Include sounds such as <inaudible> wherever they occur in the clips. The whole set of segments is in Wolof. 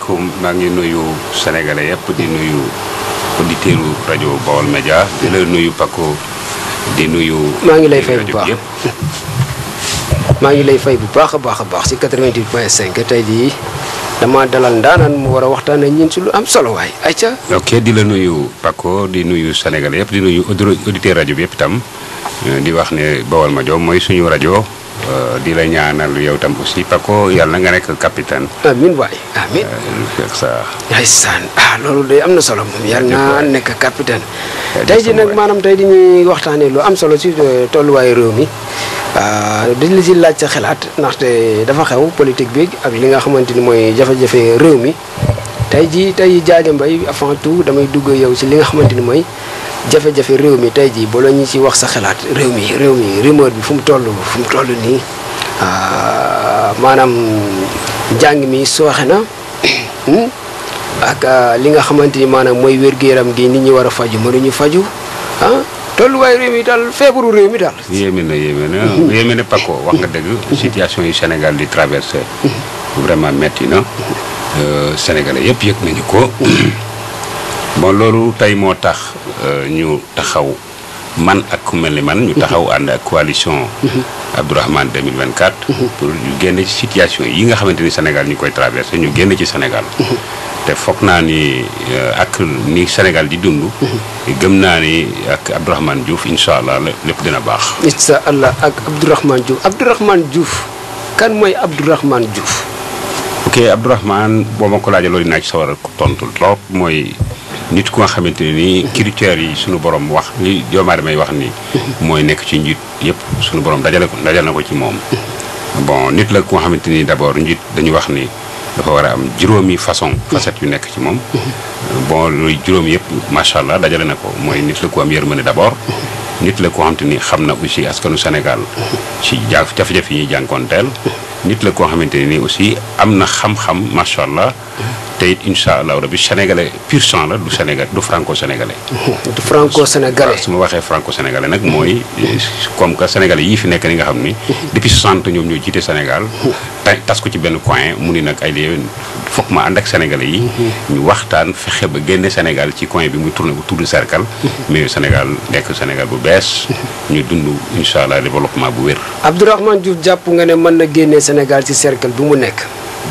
ko maa ngi nuyu sénégalais yëpp di nuyu auditeurs yu rajo Baol Média di la nuyu Paco di nuyu. maa ngi lay fay bu baax ngi lay fay bu baax a baax a baax si 88 point 5 tey jii dama dalal ndaanaan mu war a waxtaan ak ñun si lu am solo waay ayca. ok di la nuyu Paco di nuyu sénégalais yëpp di nuyu auditeurs rajo bi yëpp itam di wax ne Baol Média mooy suñu rajo. Eh, di la ñaanal yow tam aussi Paco yàlla nga nekk capitaine. amiin waay amiin. Eh, ndeysaan ah, loolu de am na solo moom yàlla naa nekk capitaine. Eh, tey ji nag maanaam tey dañuy waxtaanee lu am solo ci tolluwaayu réew mi. Ah, dañ la si laaj sa xalaat ndaxte dafa xew politique bi ak li nga xamante ni mooy jafe-jafe réew mi tey ji tey Diadia Mbaye avant tout damay dugg yow si li nga xamante ni mooy jafe-jafe réew mi tey jii ba la ñu ci wax sa xalaat réew mi réew mi rumeur bi fu mu toll fu mu toll nii ah, maanaam njàng mi sooxe na hmm, ak ah, li nga xamante ni maanaam mooy wér-gu-yaram gi nit ñi war a faju mënuñu faju ah tolluwaay réew mi daal feebaru réew mi daal. yéeme na yéeme na hmm. yéeme wax nga dëgg. Hmm. situation yu Sénégal di traversé. vraiment metti na. Euh, Sénégalais yëpp yëg nañu ko. bon loolu tey moo tax euh, ñu taxaw man ak ku mel ni man ñu taxaw mhm. ànd ak coalition mhm. Abdourahmane 2024 mhm. pour ñu génn ci situation yi nga xamante ni Sénégal ñu koy traversé ñu génn ci senegal te foog naa ni euh, ak ni Sénégal di dund gëm naa ni ak Abdourahmane Diouf incha allah lépp dina baax incha allah ak Abdourahmane Diouf Abdourahmane Diouf kan mooy Abdourahmane Diouf ok Abdourahmane boo ma ko laajee loolu dinaa ci sawar tontu tontul mooy nit ku nga xamante ne nii critères yi suñu borom wax li joomaare may wax ni mooy nekk ci njiit yëpp suñu borom dajale ko dajal na ko ci moom. bon nit la ku xamante ni d'abord njiit dañu wax ni dafa war a am juróomi façon facette yu nekk ci moom. bon loolu juróom yëpp macha allah dajale na ko mooy nit la ku am yërmande d'abord. nit la koo xamante ni xam na aussi askanu Sénégal ci jafe jaf yi ñuy jànkoonteel. nit la koo xamante ne nii aussi am na xam-xam macha allah. tey it incha allah rabi sénégalais pur sang la du sénégal du franco sénégalais. du franco sénégalais. su ma waxee franco sénégalais nag mooy comme que sénégalais yii fi nekk ni nga xam ni. depuis sant ñoom ñoo jiite Sénégal. tas ko ci benn coin mu ni nag ay léegi foog ma ànd ak sénégalais yi. ñu waxtaan fexe ba génne Sénégal ci coin bi muy tourné bu tour de mais Sénégal nekk Sénégal bu bees. ñu dund incha allah développement bu wér. Abdourahmane Diouf jàpp nga ne mën na génne Sénégal ci cercle bi mu nekk.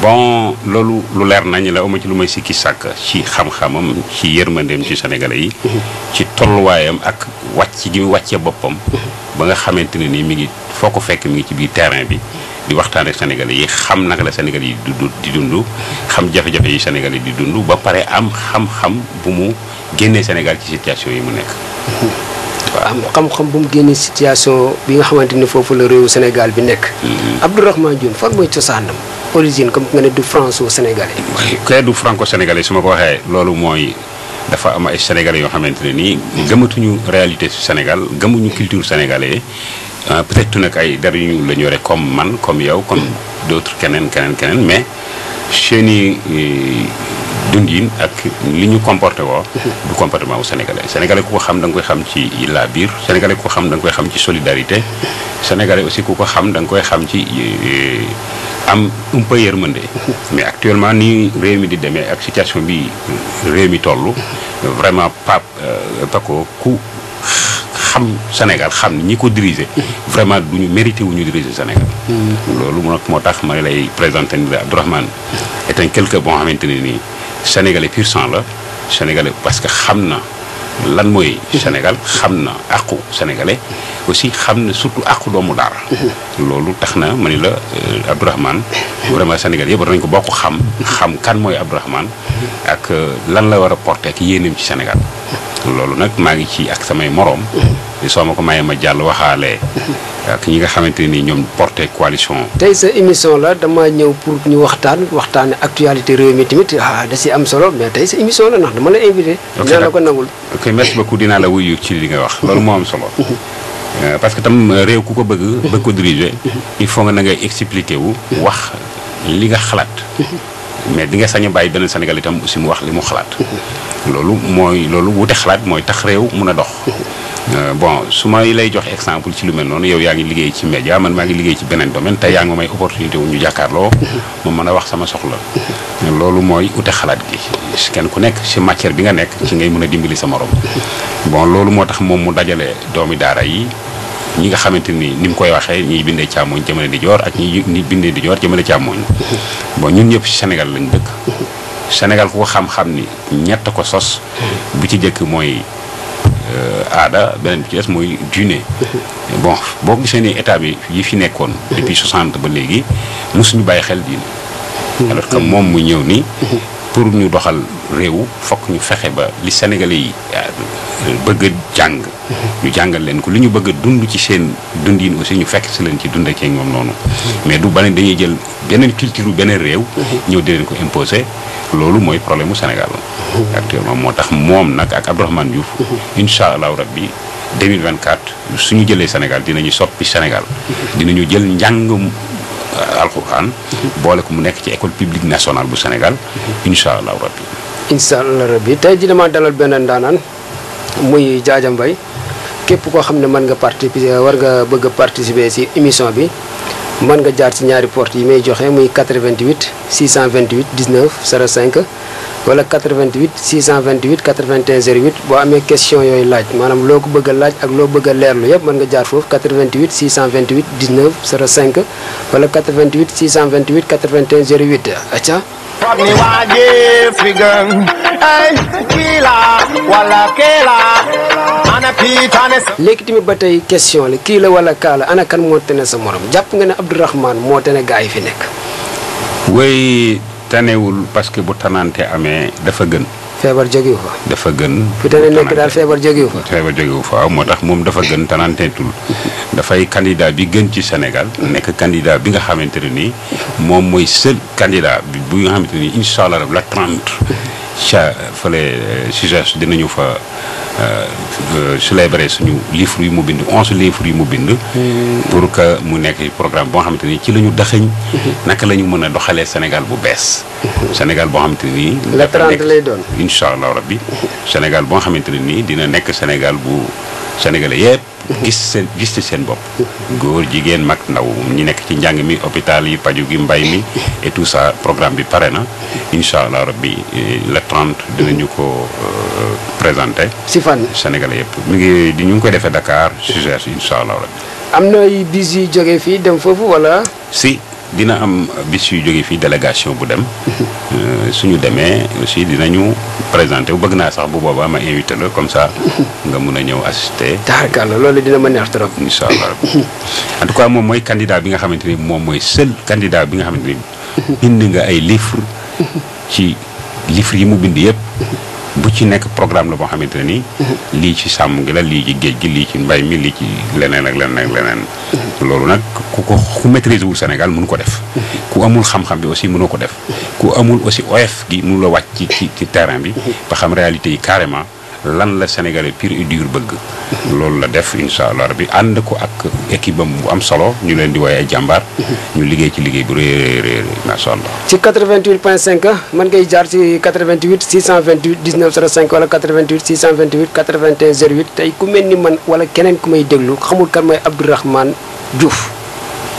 bon loolu lu leer nañ la amu ci lu may sikki sàkk ci xam-xamam ci yërmandeem ci sénégalais yi mhm. ci tolluwaayam ak wàcc gi mu wàccee boppam mhm. ba nga xamante ne nii mi ngi foo ko fekk mi ngi ci biir terrain bi di waxtaan ak yi xam naka la sénégalais yi dund di dund xam jafe-jafe yi sénégalais yi di dund ba pare am xam-xam bu mu génnee Sénégal ci situation yi mu nekk mhm. am xam-xam bu mu génnee situation bi nga xamante ni foofu la réewu Sénégal bi nekk. Mm-hmm. Abdourahmane Diouf fan mooy cosaanam origine comme nga ne du franco-sénégalais. kay du franco sénégale su ma ko waxee loolu mooy dafa am ay sénégalais yoo xamante ne nii. gëmatuñu réalité Sénégal gëmuñu culture sénégalais ah, peut-être nag ay dara yu ñu la ñu rek comme man comme yow comme d'autres keneen keneen keneen mais seeni euh, dundin ak li ñu comporté woo mhm. du comportement wu sénégalais sénégalais ku ko xam da nga koy xam ci la biir sénégale ku ko xam da nga koy xam ci solidarité sénégalais aussi ku ko xam da nga koy xam ci euh, am un peu yërmande mhm. mais actuellement nii réew mi di demee ak situation bi réew mi toll mhm. vraiment pap euh, pako ku xam Sénégal xam ñi ko diriger vraiment du ñu mérité wu ñu diriger Sénégal loolu nag moo tax ma lay présenté ni la Abdourahmane est un quelqu'un boo xamante ne nii sénégalais pur sant la sénégalais parce que xam na lan mooy Sénégal xam na àqu sénégalais aussi xam na surtout àqu doomu daara loolu tax na ma ni la euh, Abdourahmane vraiment Sénégal yëpp war nañu ko bokk xam xam kan mooy Abdourahmane ak euh, lan la war a porte ak yéeneem ci Sénégal loolu nag maa ngi ci ak samay moroom. ni soo ma ko mayee ma jàll waxaale. ak ñi nga xamante ni ñoom porté coalition. tey sa émission la dama ñëw pour ñu waxtaan waxtaane actualité réew mi tamit ah da si am solo mais tey sa émission la ndax dama la invité. dinaa la ko nangul. dinaa la wuyu ci li nga wax. loolu moo am solo. Euh, parce que tam euh, réew ku ko bëgg. bëgg ko diriger. il faut nga na ngay expliquer wu. wax li nga xalaat. mais di nga sañ a bàyyi beneen Sénégal itam aussi mu wax li mu xalaat. loolu mooy loolu wute xalaat mooy tax réew mun a dox. Euh, bon su may lay jox exemple ci lu mel noonu yow yaa ngi liggéey ci média man maa ngi liggéey ci beneen domaine te yaa ngi may opportunité ñu jàkkaarloo. ma mën a wax sama soxla. loolu mooy ute xalaat gi. kenn ku nekk si matière bi nga nekk. ci ngay mën a dimbali sa morom. bon loolu moo tax moom mu dajale doomi daara yi. ñi nga xamante ni ni mu koy waxee ñiy bindee càmmooñ jëmale di joor ak ñi ñi bindee di joor jëmale càmmooñ bon ñun ñëpp ci Sénégal lañ dëkk Sénégal ku ko xam-xam ni ñett ko sos bu ci jëkk mooy euh, aada beneen bi ci des mooy diine bon boo gisee ni état bi yi fi nekkoon depuis 60 ba léegi suñu bàyyi xel diine alors que moom mu ñëw nii pour ñu doxal réew fokk ñu fexe ba li sénégalais yi euh, bëgg jàng ñu jàngal leen ko li ñu bëgg dund ci seen dundin aussi ñu fekk si leen ci dund ak ñoom noonu mais du bane dañuy jël beneen culture beneen réew ñëw di leen ko imposer loolu mooy problème mu Sénégal actuellement moo tax moom nag ak Abdourahmane Diouf incha allahu rabbi 2024 su ñu jëlee Sénégal dinañu soppi Sénégal dinañu jël njàng Euh, alquran boole ko mu nekk ci école publique nationale bu Sénégal incha allah rabbi incha allah rabbi tey ji dama dalal benn daanaan muy Diadia Mbaye képp koo xam ne mën nga participer war nga bëgg a participer ci émission bi mën nga jaar ci ñaari porte yi may joxe muy 88 628 19 05 wala 88 628 81 08 boo amee question yooyu laaj maanaam loo ko bëgg a laaj ak loo bëgg a leerlu yëpp mën nga jaar foofu 88 628 19 05 wala 88 628 81 08 aca ni waaje figan ay kiila wala sa léegi tamit ba tey question la kii la wala kaa la ana kan moo tene sa morom jàpp nga ne Abdourahmane moo tene gaa yi fi nekk tanewul parce que bu tanante amee dafa gën. feebar jógewu fa. dafa gën. fi tane nekk daal feebar jógewu fa. feebar jógewu fa waaw moo tax moom dafa gën tananteetul dafay candidat bi gën ci Sénégal nekk candidat bi nga xamante ne nii moom mooy seul candidat bi nga xamante ne nii incha la trente. ca fële CIGES euh, dinañu fa euh, euh, célébrer suñu livre yu mu bind onze livres yu mu bind. Mm-hmm. pour que mu nekk programme boo xamante ni ci lañu ñu mm-hmm. naka lañu mën a doxalee Sénégal bu bees. Mm-hmm. Sénégal boo xamante ni. la trente lay doon incha allah Sénégal boo xamante ne nii dina nekk Sénégal bu. sénégalais yëpp. gis seen gis ci seen bopp. góor jigéen mag ndaw ñu nekk ci njàng mi hôpital yi paju gi mbay mi et tout ça programme bi pare na incha allah rabbi euh, le 30 dinañu ko euh, présente si fan sénégalais yëpp mi ngi di ñu ngi koy defee Dakar sujet incha allah rabbi. am na ay bis yu jógee fii dem foofu wala. si. dina am bis yu jóge fii délégation bu dem euh, suñu demee aussi dinañu présenté bu bëgg naa sax bu boobaa ma invité la comme ça nga mun a ñëw assister. taarkalla loolu dina ma neex trop. incha allah en tout cas moom mooy candidat bi nga xamante ni moom mooy seul candidat bi nga xamante ni bind nga ay livre ci livre yi mu bind yëpp. bu ci nekk programme la boo xamante ne nii. Mm-hmm. lii ci sàmm gi la lii ci géej gi lii ci mbay mi lii ci leneen ak leneen ak leneen. Mm-hmm. loolu nag ku ko ku maîtriser wul Sénégal mënu ko def. Mm-hmm. ku amul xam-xam bi aussi mënoo ko def. ku amul aussi oyof gi mënu la wàcc ci ci terrain bi. ba xam réalité yi carrément. lan la sénégalais pur et dur bëgg. loolu la def incha allah bi ànd ko ak équipe am bu am solo ñu leen di woowee ay jàmbaar. ñu liggéey ci liggéey bu rëy a rëy macha allah. ci man point 5 mën ngay jaar ci 88 628 19 05 wala 88 628 81 08 tey ku mel ni man wala keneen ku may déglu xamul kan mooy Abdourahmane Diouf.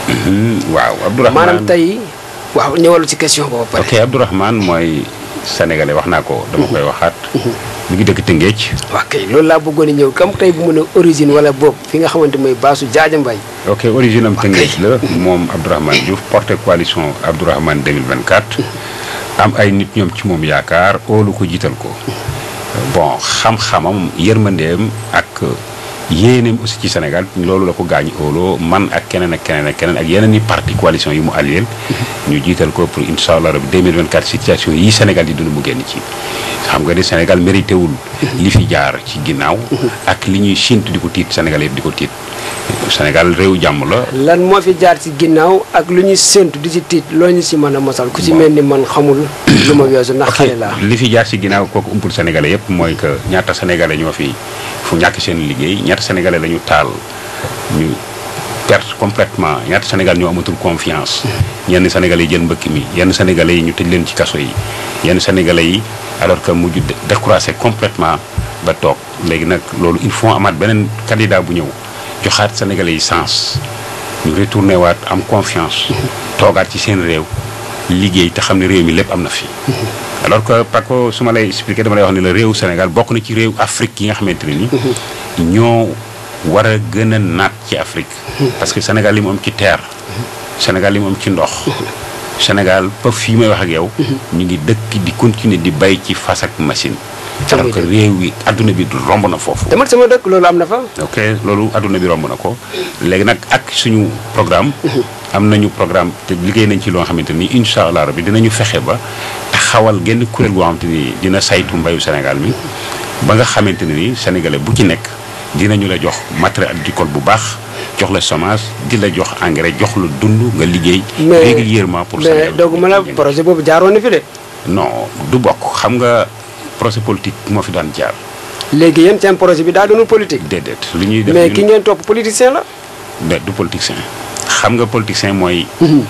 Hmm, waaw Abdourahmane maanaam tey. waaw ñëwalu ci question boobu ba pare. ok Abdourahmane mooy sénégalais wax naa ko. dama mhm. koy waxaat. Mhm. mi ngi dëkk Tëngéej. waaw kay loolu laa bëggoon a ñëw kam tey bu mu ne origine wala boobu fi nga xamante mooy baasu Jaaja Mbaye. ok origine am Tëngéej la moom Abdourahmane Diouf porté coalition Abdourahmane 2024. am ay nit ñoom ci moom yaakaar óolu ko jiital ko. bon xam-xamam yërmandeem ak. yéeneem aussi ci Sénégal loolu la ko gaañu óoloo man ak keneen ak keneen ak keneen ak yeneen i parti coalition yi mu allié mhm. ñu jiital ko pour incha allah rabi 2024 situation yi Sénégal di dund mu génn ci xam nga ne Sénégal mérité wul mhm. li fi jaar ci ginnaaw mhm. ak li ñuy sintu di ko tiit Sénégal di ko tiit Sénégal réew jàmm lan moo fi jaar ci ginnaaw ak lu ñuy séntu di ci loo ñu si mën a mosal ku si mel ni man xamul lu ma weesu ndax xale laa li fi jaar ci ginnaaw kooku umpul Sénégalais yëpp mooy que ñaata Sénégalais ñoo fi fu ñàkk seen liggéey ñaata sénégalais lañu taal ñu perte complètement ñaata sénégal ñoo amatul confiance ñenn sénégalais yi jël mbëkk mi yenn sénégalais yi ñu tëj leen ci kaso yi yenn sénégalais yi alors que mujj découragé complètement ba toog léegi nag loolu il faut amaat beneen candidat bu ñëw joxaat sénégalais yi sens ñu retourné waat am confiance toogaat ci seen réew liggéey te xam ne réew mi lépp am na fi. Mhm. alors que Paco su ma lay expliqué dama lay wax ne la réew Sénégal bokk na ci réew Afrique yi nga xamante ne ni. Mhm. ñoo war a gën a naat ci Afrique. Mhm. parce que Sénégal li mu am ci terre. Sénégal li mu am ci ndox. Sénégal ba fii may wax ak yow. ñu ngi dëkk di continuer di bay ci fas ak machine. alors que réew wi adduna bi romb na foofu. te man sama dëkk loolu am na fa. ok loolu adduna bi romb na ko léegi nag ak suñu programme. <laughs> am nañu programme te liggéey nañ ci loo xamante ni incha allah rabi dinañu fexe ba taxawal genn kuréel goo xamante ni dina saytu mbayu Sénégal mi ba nga xamante ne ni sénégalais bu ci nekk dinañu la jox matériel agricole bu baax. jox la semence di la jox engrais jox la dund nga liggéey. régulièrement pour Sénégal mais la projet boobu jaaroon na fi de. non du bokk xam nga. procès politique moo fi daan jaar. léegi yéen seen projet bi daa doonul de déedéet li ñuy def mais ki ngeen topp politicien la. mais du politicien xam nga politicien mooy. Mhm.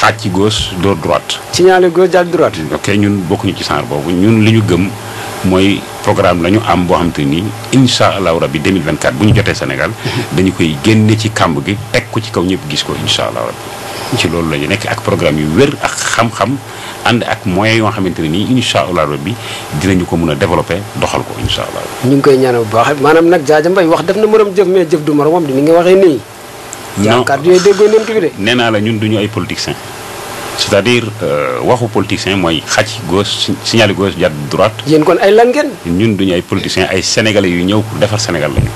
xaaj ci gauche doo droite. signaler gauche daal droite. ok ñun bokkuñu ci genre boobu ñun li ñu gëm. mooy programme la ñu am boo xam te ni incha allahu rabi 2024 bu ñu jotee Sénégal dañu koy génne ci kàmb gi teg ko ci kaw ñëpp gis ko incha allahu rabi ci loolu la ñu nekk ak programme yu wér ak xam-xam ànd ak moyens yoo xamante ni nii incha allahu rabi dinañu ko mun a développer doxal ko incha allah. ñu ngi koy ñaanal bu baax maanaam nag Diadia Mbaye wax def na morom jëf mais jëf du moromam di ni nga waxee nii. non jaakaar nee naa la ñun duñu ay politiciens. c'est-à-dire euh, waxu politicien mooy xaj gauche signalé gauche jàdd droite. yéen kon ay lan ngeen. ñun duñu ay politiciens ay sénégalais yu ñëw pour defar Sénégal lañu.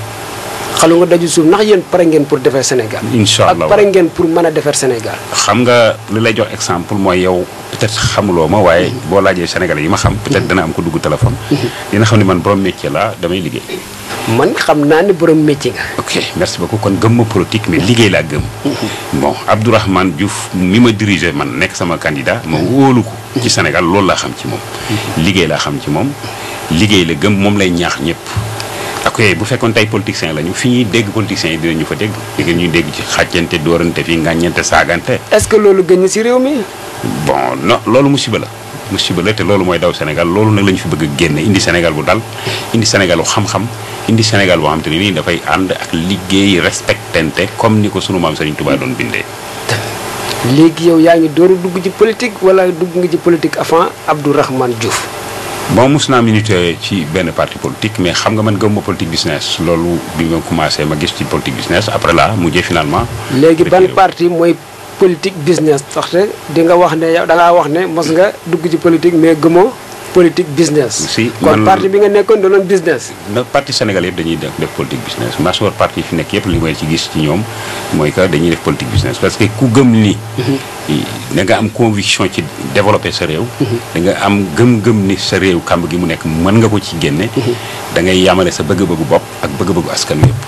xalu nga daju suuf ndax yéen pare ngeen pour defar Sénégal. incha allah ak pare ngeen pour mën a defar Sénégal. xam nga li lay jox exemple mooy yow peut-être xamuloo ma waaye boo laajee sénégalais yi ma xam. peut-être mhm. dana am ko dugg téléphone. Mhm. dina xam ne man borom métier laa damay liggéey. man xam naa ne borom métier nga. ok merci beaucoup kon gëm ma politique mais liggéey laa gëm. bon Abdourahmane juuf mi ma dirigé man nekk sama candidat ma wóolu ko. ci Sénégal loolu laa xam ci moom. liggéey laa xam ci moom liggéey la gëm moom lay ñaax ñëpp. ok bu fekkoon tey politiciens lañu fi ñuy dégg politiciens yi dinañu fa dégg. léegi ñuy dégg ci xàccante dóorante fi ngàññante saagante. est-ce que loolu gën na si réew mi. bon non loolu musiba la. musiba la te loolu mooy daw Sénégal loolu nag la ñu fi bëgg a génne indi Sénégal bu dal indi Sénégal bu xam-xam. indi Sénégal boo xam te ne nii dafay ànd ak liggéey respectante comme ni ko sunu maam Serigne Touba doon bindee. léegi yow yaa ngi dooru dugg ci politique wala dugg nga ci politique avant Abdourahmane Diouf. bon mos naa milité ci benn parti politique mais xam nga man gëmuma politique business loolu bi nga commencé ma gis ci politique business après là mujjee finalement. léegi ban parti mooy. politique business saxte di nga wax ne yow wax ne mos nga dugg ci politique mais politique business. si kon parti bi nga nekkoon doonoon business. nag parti Sénégal yëpp dañuy def def politique business masoor parti fi nekk yëpp li may ci gis ci ñoom mooy que dañuy def politique business parce que ku gëm ni. Mhm. da nga am conviction ci développer sa réew. Mhm. da nga am gëm-gëm ni sa réew kàmb gi mu nekk mën nga ko ci génne. Mhm. dangay ngay sa bëgg-bëggu bopp ak bëgg-bëggu askan wi yëpp.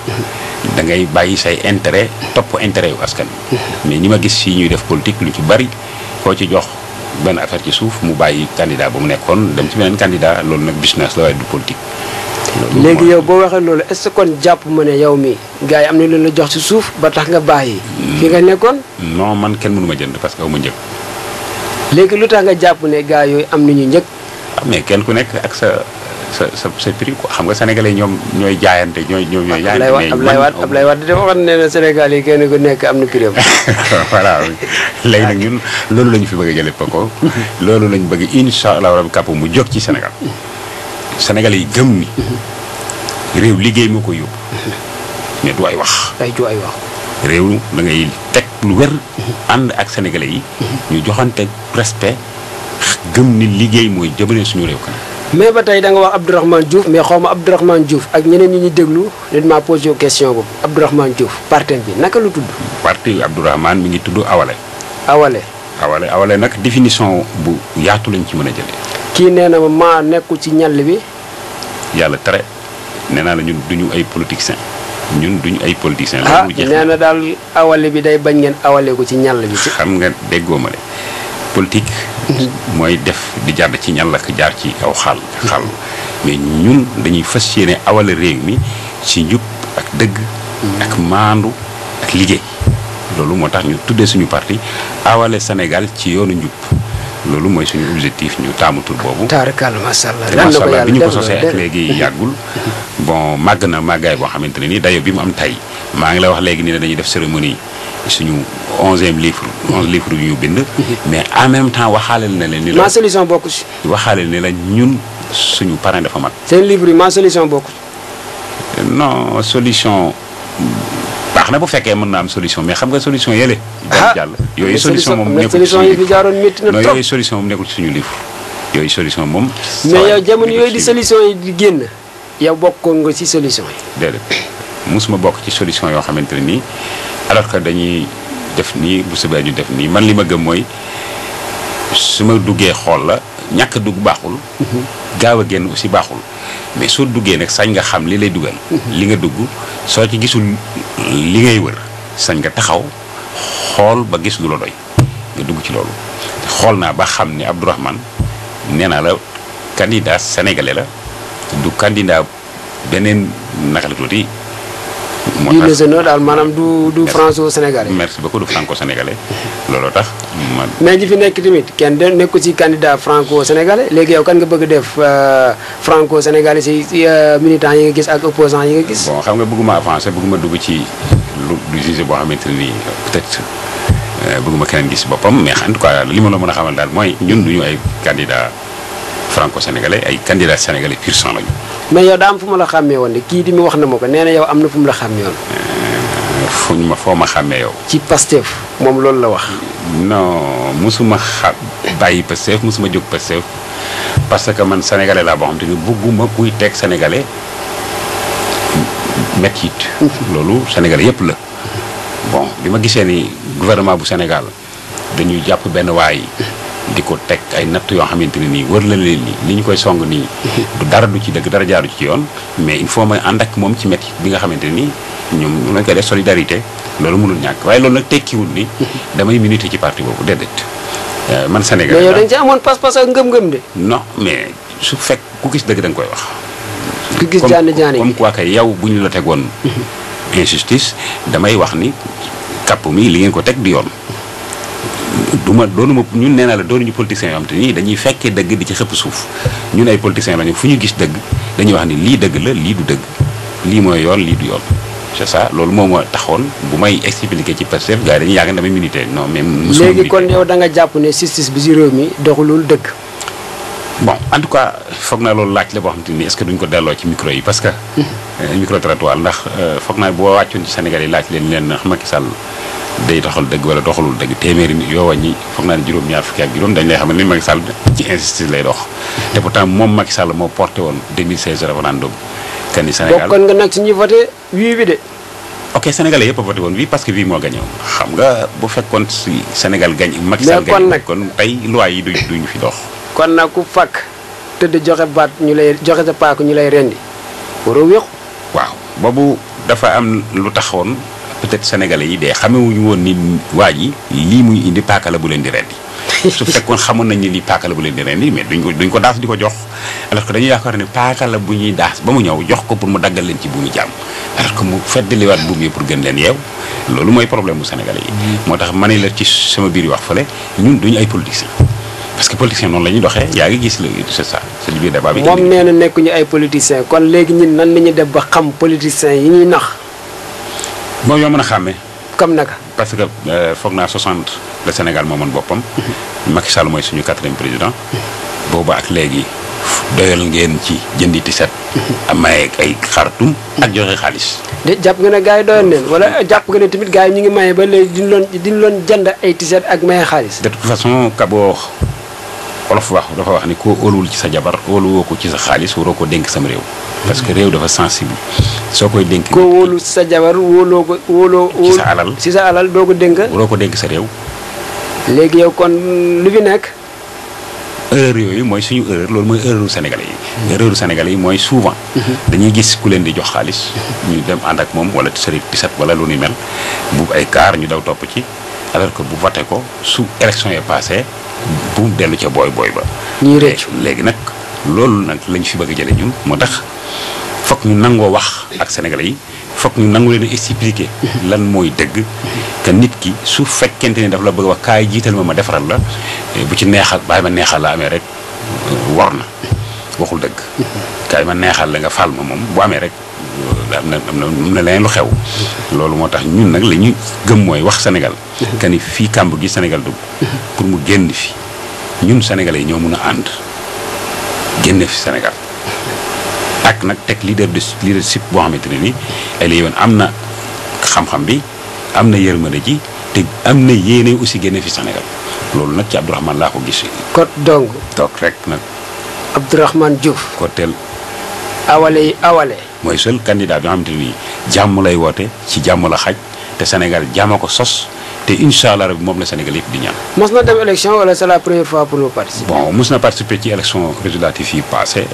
da ngay bàyyi say intérêt topp intérêt yu askan mais ñi ma gis si ñuy def politique lu ci bari koo ci jox. benn affaire ci suuf mu bàyyi candidat ba mu nekkoon dem ci beneen candidat loolu nag business la waaye du politique. léegi yow boo waxee loolu est kon jàpp ma ne yow mi gars yi am na lu la jox ci suuf ba tax nga bàyyi. fi nga nekkoon. non man kenn mënu ma jënd parce que aw ma njëg. léegi lu tax nga jàpp ne gars yooyu am nañu njëg. Ah, mais kenn ku nekk ak sa. sa sa sa prix xam nga sénégalais ñoom ñooy jaayante ñooy ñooy jaayante. mais Ablaye Wade Ablaye Wade dafa waxoon ne Sénégal yi kenn ku nekk am na prix am. <laughs> voilà loolu la fi bëgg a jëlee Paco. loolu lañu ñu bëgg incha allah rabi kàpp mu jóg ci Sénégal. sénégalais yi gëm ni. réew liggéey moo koy yóbbu. mais du ay wax. ay réew da ngay teg lu wér. ànd ak sénégalais yi. ñu joxante respect gëm ni liggéey mooy jëmale suñu réew kanam. mais ba tey da nga wax Abdourahmane Diouf mais xaw ma Abdourahmane Diouf ak ñeneen ñi ñu déglu dañ maa posé question boobu Abdourahmane Diouf parti bi naka lu tudd. parti Abdourahmane mi ngi tudd Awale. Awale. Awale Awale nag définition bu yaatu lañ ci mën a jëlee. kii nee na maa nekku ci ñàll bi. yàlla tere nee naa la ñun duñu ay politiciens ñun duñu ay politiciens. ah nee na daal Awale bi day bañ ngeen awale ko ci ñàll bi. xam nga déggoo ma de. politique. mooy def di jàdd ci ñal ak jaar ci aw xaal xaal mais ñun dañuy fas yéene awale réew mi ci njub ak dëgg. ak maandu ak liggéey. loolu moo tax ñu tuddee suñu parti awale senegal ci yoonu njub loolu mooy suñu objectif ñu taamu boobu. taarakaal macha allah macha bi ñu ko sosee ak léegi yàggul. bon màgg na màggaay boo xamante ne ni dayo bi mu am tey maa ngi la wax léegi nii dañuy def cérémonie suñu onzième livre onze yu ñu bind mais en même temps waxaaleel na leen ni la ma solution bokku ci waxaaleel ni la ñun suñu parrain dafa mat seen livre yi ma solution bokku ci solution baax na bu fekkee mën na am solution mais xam nga solution yële ah, jàll yooyu solution moom nekkul yooyu solution moom nekkul suñu livre yooyu solution moom mais yow jamono yooyu di solution yi di génn yow bokkoon nga ci solution yi déedéet mosuma bokk ci solution yoo xamante ne nii araka dañuy def nii bu subee ñu def nii man li ma gëm mooy su ma duggee xool la ñàkk dugg baaxul mhm. gaaw a génn aussi baaxul mais soo duggee nag sañ nga xam li lay dugal mhm. li nga dugg soo ci gisul li ngay wër sañ nga taxaw xool ba gis lu la nga dugg ci loolu xool naa ba xam ni Abdourahmane nee naa la candidat sénégalais la du candidat beneen naka la tuuti moo tax du daal maanaam du du franco-sénégalais. merci beaucoup du franco-sénégalais looloo tax. mais ñi fi nekk tamit kenn de nekku ci candidat franco-sénégalais léegi yow kan nga bëgg def euh, franco-sénégalais ci euh, militants yi nga gis ak opposants yi nga gis. bon xam nga bëgguma avancer bëgguma dugg ci lu lu jugé boo xamante ne nii peut-être. Euh, bëgguma gis boppam mais en tout cas li ma la mën a xamal daal mooy ñun ñu ay candidat franco sénégalais ay candidat sénégalais pur mais yow daa am fu ma la xàmmee woon de kii di mi wax na ma ko nee na yow am na fu mu xàmmee woon. fu ma foo ma xàmmee yow. ci Pastef moom loolu la wax. non mosuma xa bàyyi Pastef mosuma jóg Pastef parce que man sénégalais laa boo xam te ni bëgguma kuy teg sénégalais métti loolu sénégalais yëpp la bon bi ma gisee ni gouvernement bu Sénégal dañuy jàpp benn waay. di ko teg ay natt yoo xamante ne nii wër la leen li ñu koy song nii <laughs> du dara du ci dëgg dara jaaru ci yoon mais il faut may ànd ak moom ci métti bi nga xamante ne nii ñoom ñu lañ koy def solidarité loolu munul ñàkk waaye loolu nag tekkiwul ni <laughs> damay minute ci parti boobu déedéet euh, man Sénégal mais yow dañ ci amoon pas-pas ak ngëm-ngëm de non mais su fekk ku gis dëgg da koy wax ku gis jaani jaani comme quoi que yow bu ñu la tegoon <laughs> injustice damay wax ni kàpp mi li ngeen ko teg di yoon duma doonuma ñun nee naa la doonuñu politiciens yoo xam te ni dañuy fekkee dëgg di ci xëpp suuf ñun ay politiciens lañu fu ñu gis dëgg dañuy wax ni lii dëgg la lii du dëgg lii mooy yoon lii du yoon c'est ça loolu moo ma taxoon bu may expliqué ci Pastef gars yi dañuy yàgg ne damay militaire non mais léegi kon yow da nga jàpp ne justice bi ci réew mi doxulul dëgg bon en tout cas foog naa loolu laaj la boo xam te ni est-ce que duñ ko delloo ci micro yi parce que mmh. euh, micro trottoir ndax euh, foog naa boo wàccoon ci Sénégal yi laaj leen leen ndax Macky Sall day doxal dëgg wala doxalul dëgg téeméeri nit yoo wàññi foog naa ne juróom-ñaar fukki ak juróom dañ lay xam ne li Macky Sall ci injustice lay dox te pourtant moom Macky moo porté woon 2016 référendum kan ni Sénégal bokkoon nga nag ok sénégalais yëpp a woon wii parce que wii moo xam nga bu fekkoon si Sénégal gañ Macky Sall gañ kon tey loi yi duñ duñ fi dox. kon nag ku fàkk tëdd joxe baat ñu lay joxe sa paak ñu lay rendi waroo wéqu. waaw boobu dafa am lu taxoon. peut-être sénégalais yi de xamewuñu woon ni waa ji lii muy indi paaka la bu leen di rendi <laughs> su fekkoon xamoon nañ lii paaka la bu leen di rendi mais duñ ko daas di ko jox alors que dañuy yaakaar ne paaka la bu ñuy daas ba mu ñëw jox ko pour mu daggal leen ci buumu jàmm alors que mu feddaliwaat buum yi pour gën leen yeew loolu mooy problème bu sénégalais yi mm. moo tax ma la ci sama biir yi wax fële ñun duñu ay politiciens parce que politiciens noonu la boo yoo mën a xàmmee. comme naka. parce que euh, foog naa 60 la Sénégal moo mën boppam. Macky Sall mooy suñu quatrième président. booba ak léegi doyal ngeen ci jëndi ti set. amay ay xartum ak joxe xaalis. de jàpp nga ne gars yi doyoon neen wala euh, jàpp nga ne tamit gars ñu ngi maye ba léegi diñu loon diñu jënd ay ti set ak maye xaalis. de toute façon Kabor. olof wax dafa wax ni koo óoluwul ci sa jabar óolu ko ci sa xaalis waroo ko dénk sama réew. parce que réew dafa sensible soo koy dénk. koo sa jabar wóoloo ko wóoloo. ci sa alal doo ko dénk. waroo ko dénk sa réew. léegi yow kon lu fi nekk. erreur yooyu mooy suñu erreur loolu mooy erreur sénégalais yi. Mmh. erreur yi mooy souvent. Mmh. dañuy gis ku leen di jox xaalis. Mmh. ñu dem ànd ak moom wala sëriñ pisat wala lu ni mel bu ay kaar ñu daw topp ci. alors que bu voté ko su élection yi passé bu dellu ca booy booy ba. ñuy rëccu léegi nag loolu nag lañ fi bëgg a jëlee ñun moo tax fokk ñu nangoo wax ak sénégalais yi fokk ñu nangu leen expliquer. <laughs> lan mooy dëgg. que nit ki su fekkente ni daf la bëgg wax kaay jiital ma ma defaral la eh, bu ci neexal bàyyi ma neexal la amee rek eh, war na waxul dëgg. <laughs> kaay ma neexal la nga fal ma moom bu amee rek. am na am na na leneen lu xew. loolu moo tax ñun nag li gëm mooy wax senegal que ni fii kàmb gi senegal dugg. pour mu génn fi ñun senegal yi ñoo mun a ànd génne fi senegal ak nag teg leader de leadership boo xamante ne ni ay la yoon am na xam-xam bi am na yërmande ji te am na yéene aussi génne fi senegal loolu nag ci Abdourahmane laa ko gis. kot dong. toog rek nag. Abdourahmane Diouf. ko awale yi awale. mooy seul candidat bi nga xamante ni jàmm lay woote ci jàmm la xaj te Sénégal jàmm ko sos te incha allah rabi moom la Sénégal yëpp di ñaan. mos na dem élection wala c'est la première fois pour nga participer. bon mos na participer ci élection législative yi passé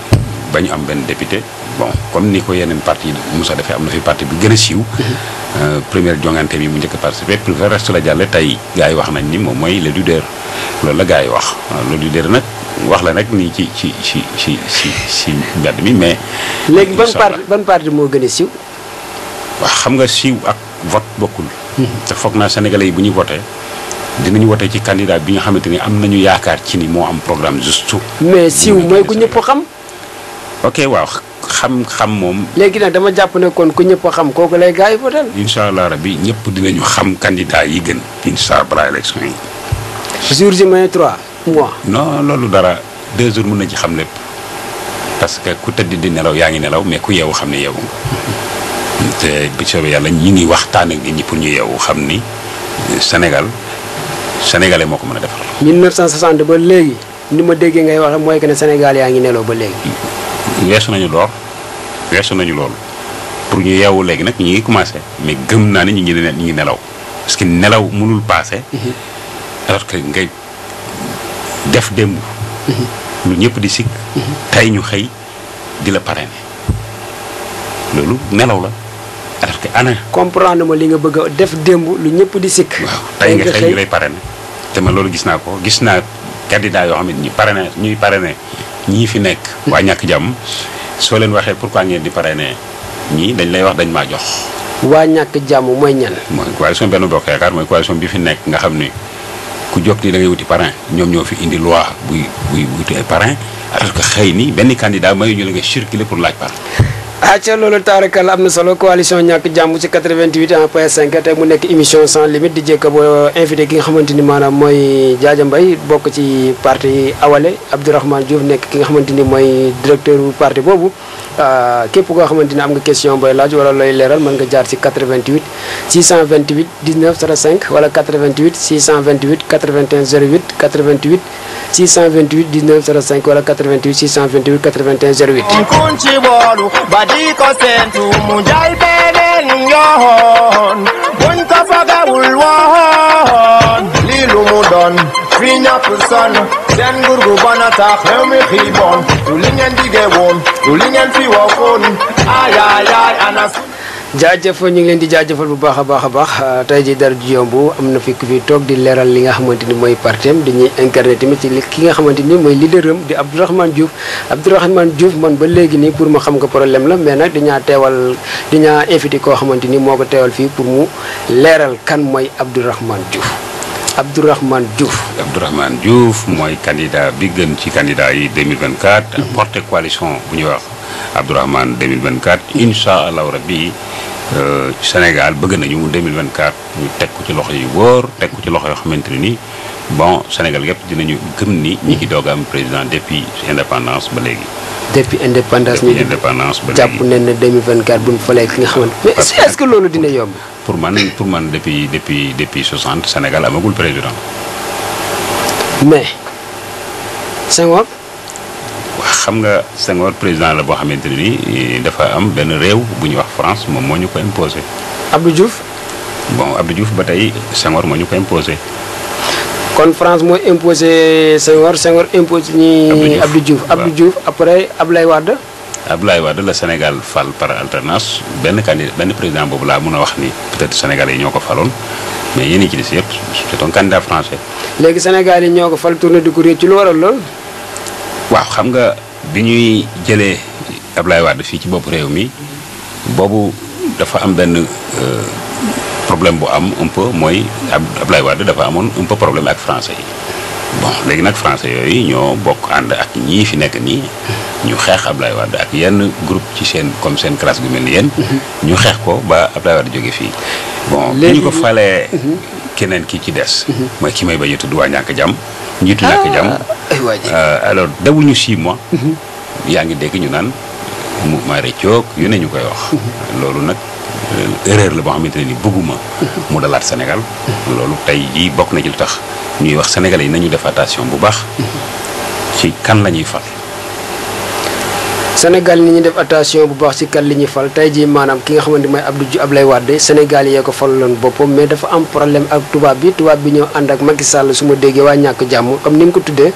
ba ñu am benn député bon comme ni ko yeneen parti yi mos a defee am na fi parti bi gën a siiw. <laughs> Euh, première jongante bi mu njëkk a participé pour le reste la jàlle tey gars yi wax nañ ni moom mooy le leader la gars yi wax euh, le leader nag wax la nag nii ci ci ci ci ci ci mbedd mi mais. léegi ban parti ban parti moo gën a siiw. waaw xam nga siw ak vote bokkul. Mhm. te foog naa sénégalais yi bu ñu ñuy voté dinañu voté ci candidat bi nga xamante ni am nañu yaakaar ci ni moo am programme juste. mais siiw mooy ku ñëpp xam. ok waaw xam-xam moom. léegi nag dama jàpp ne kon ku ñëpp a xam kooku lay gars yi voté. incha allah rabi ñëpp dinañu xam candidat yi gën. incha allah élection yi. jour ji may trois mois. no loolu dara deux jours mën na ci xam lépp parce que ku tëdd di nelaw yaa ngi nelaw mais ku yeewu xam ne yeewu nga. te bu soobee yàlla ñi ngi waxtaan ak nit pour ñu yeewu xam ni Sénégal sénégalais moo ko mën a defar. 1960 ba léegi nu ma déggee ngay wax mooy que ne Sénégal yaa ngi nelaw ba léegi. weesu nañu door weesu nañu loolu pour ñu yeewu léegi nag ñu ngi commencé mais gëm naa ne ñu ngi ne ngi nelaw parce que nelaw mënul passé. Mhm. alors que ngay def démb. Mhm. ñëpp di sikk. Mhm. tey ñu xëy di la parrainer loolu nelaw la. alors que ana. comprendre ma li nga bëgg def démb lu ñëpp di sikk. waaw tey nga xëy ñu lay parrainer. te ma loolu gis naa ko gis naa candidat yoo xam ne ñu parrainer ñuy parrainer. ñii fi nekk waa ñàkk jàmm soo leen waxee pourquoi ngeen di ne ñii dañ lay wax dañ maa jox waa ñàkk jàmm mooy ñan mooy coalition benn bokk yaakaar mooy coalition bi fi nekk nga xam ni ku jóg ni da ngay wuti parrain ñoom ñoo fi indi loi buy buy wuti ay parrain alors que xëy ni benn candidat mayu ñu la nga circuler pour laaj parrain acca loolu taarakal am na solo coalition ñàkk jàmm ci 88 en PS5 tey mu nekk émission sans limite di jëkk ba euh, invité ki nga xamante ni maanaam mooy Diadia bokk ci parti Awalé Abdourahmane Diouf nekk ki nga xamante ni mooy directeur parti boobu euh, képp koo xamante ni am nga question booy laaj wala looy leeral mën nga jaar ci 88 628 19 05 wala 88 628 81 08 88 628 19 05 wala 88 628 81 08 di ko seentu mu jaay beneen yoon buñ ko fogawul woon lii lu mu doon fi ñëpp sonn seen nguur gu bon a tax réew mi xii bon du li ngeen digee woon du li ngeen fi waxoon ay ay ay anas jaajëf ñu ngi leen di jaajëfal bu baax a baax a baax ah, tey ji dara ju yomb am na fi ku fi toog di leeral li nga xamante ni mooy partem dañuy incarné tamit ci ki nga xamante ni mooy leaderam di Abdourahmane Diouf Abdourahmane Diouf man ba léegi nii pour ma xam ko problème la mais nag dañaa teewal dañaa invité koo xamante ni moo ko teewal fii pour mu leeral kan mooy Abdourahmane Diouf Abdourahmane Diouf Abdourahmane Diouf mooy candidat bi gën ci candidat yi 2024 mm-hmm. porte coalition bu ñuy wax Abdourahmane 2024 incha allahu rabbi euh, Sénégal bëgg nañu 2024 ñu teg ko ci loxo yu wóor teg ko ci loxo yoo xamante ne ni bon Sénégal yëpp ñu gëm ni ñu ngi doog am président depuis indépendance ba léegi. depuis indépendance ñu indépendance ba léegi jàpp nañ ne 2024 buñ falee ki nga xamante mais est-ce que loolu dina yomb. pour man pour man depuis depuis depuis 60 Sénégal amagul président. mais xam nga Senghor président la boo xamante ne nii eh, dafa am benn réew bu ñu wax France moom moo ñu ko imposé. Abdou Diouf. bon Abdou Diouf ba tey Senghor moo ñu ko imposé. kon France mooy imposé Senghor Senghor imposé ñi. Abdou Diouf Abdou Diouf après Ablaye Wade. Abdoulaye Wade la Sénégal fal par alternance benn candidat benn président boobu laa mun a wax ni peut-être yi ñoo ko faloon mais yéen ci des yëpp c'est lool. waaw xam nga bi ñuy jëlee Ablaye Wade fii ci bopp réew mi boobu dafa am benn euh, problème bu am un mooy mooy Ablaye Wade dafa amoon un problème ak français yi bon léegi nag français yooyu ñoo bokk ànd ak ñii fi nekk nii ñu xeex ab Ablaye Wade ak yenn groupe ci seen comme seen classe gu mel ni ñu xeex ko ba Ablaye Wade jóge fii bon bi ñu ko falee mhm. keneen ki ci des mooy ki may ba a tudd waa ñàkk jàmm njiitu ñàkk ah. jàmm euh, alors dawuñu six mois mhm. yaa ngi dégg ñu naan mouvement réccoog yu ne ñu koy wax mhm. loolu nag euh, erreur la boo xamante ne ni bëgguma mhm. mu dalaat Sénégal loolu tey jii bokk na ci lu tax ñuy wax sénégalais yi nañu def attention bu baax ci kan la ñuy fal Sénégal ni ñu def attention bu baax ci kan li ñuy fal tey jii maanaam ki nga xamante mooy ab Diouf Abdoulaye Wade Sénégal yee ko falaloon boppam mais dafa am problème ak tubaab bi tubaab bi ñëw ànd ak Macky Sall su déggee waa ñàkk jàmm comme ko tuddee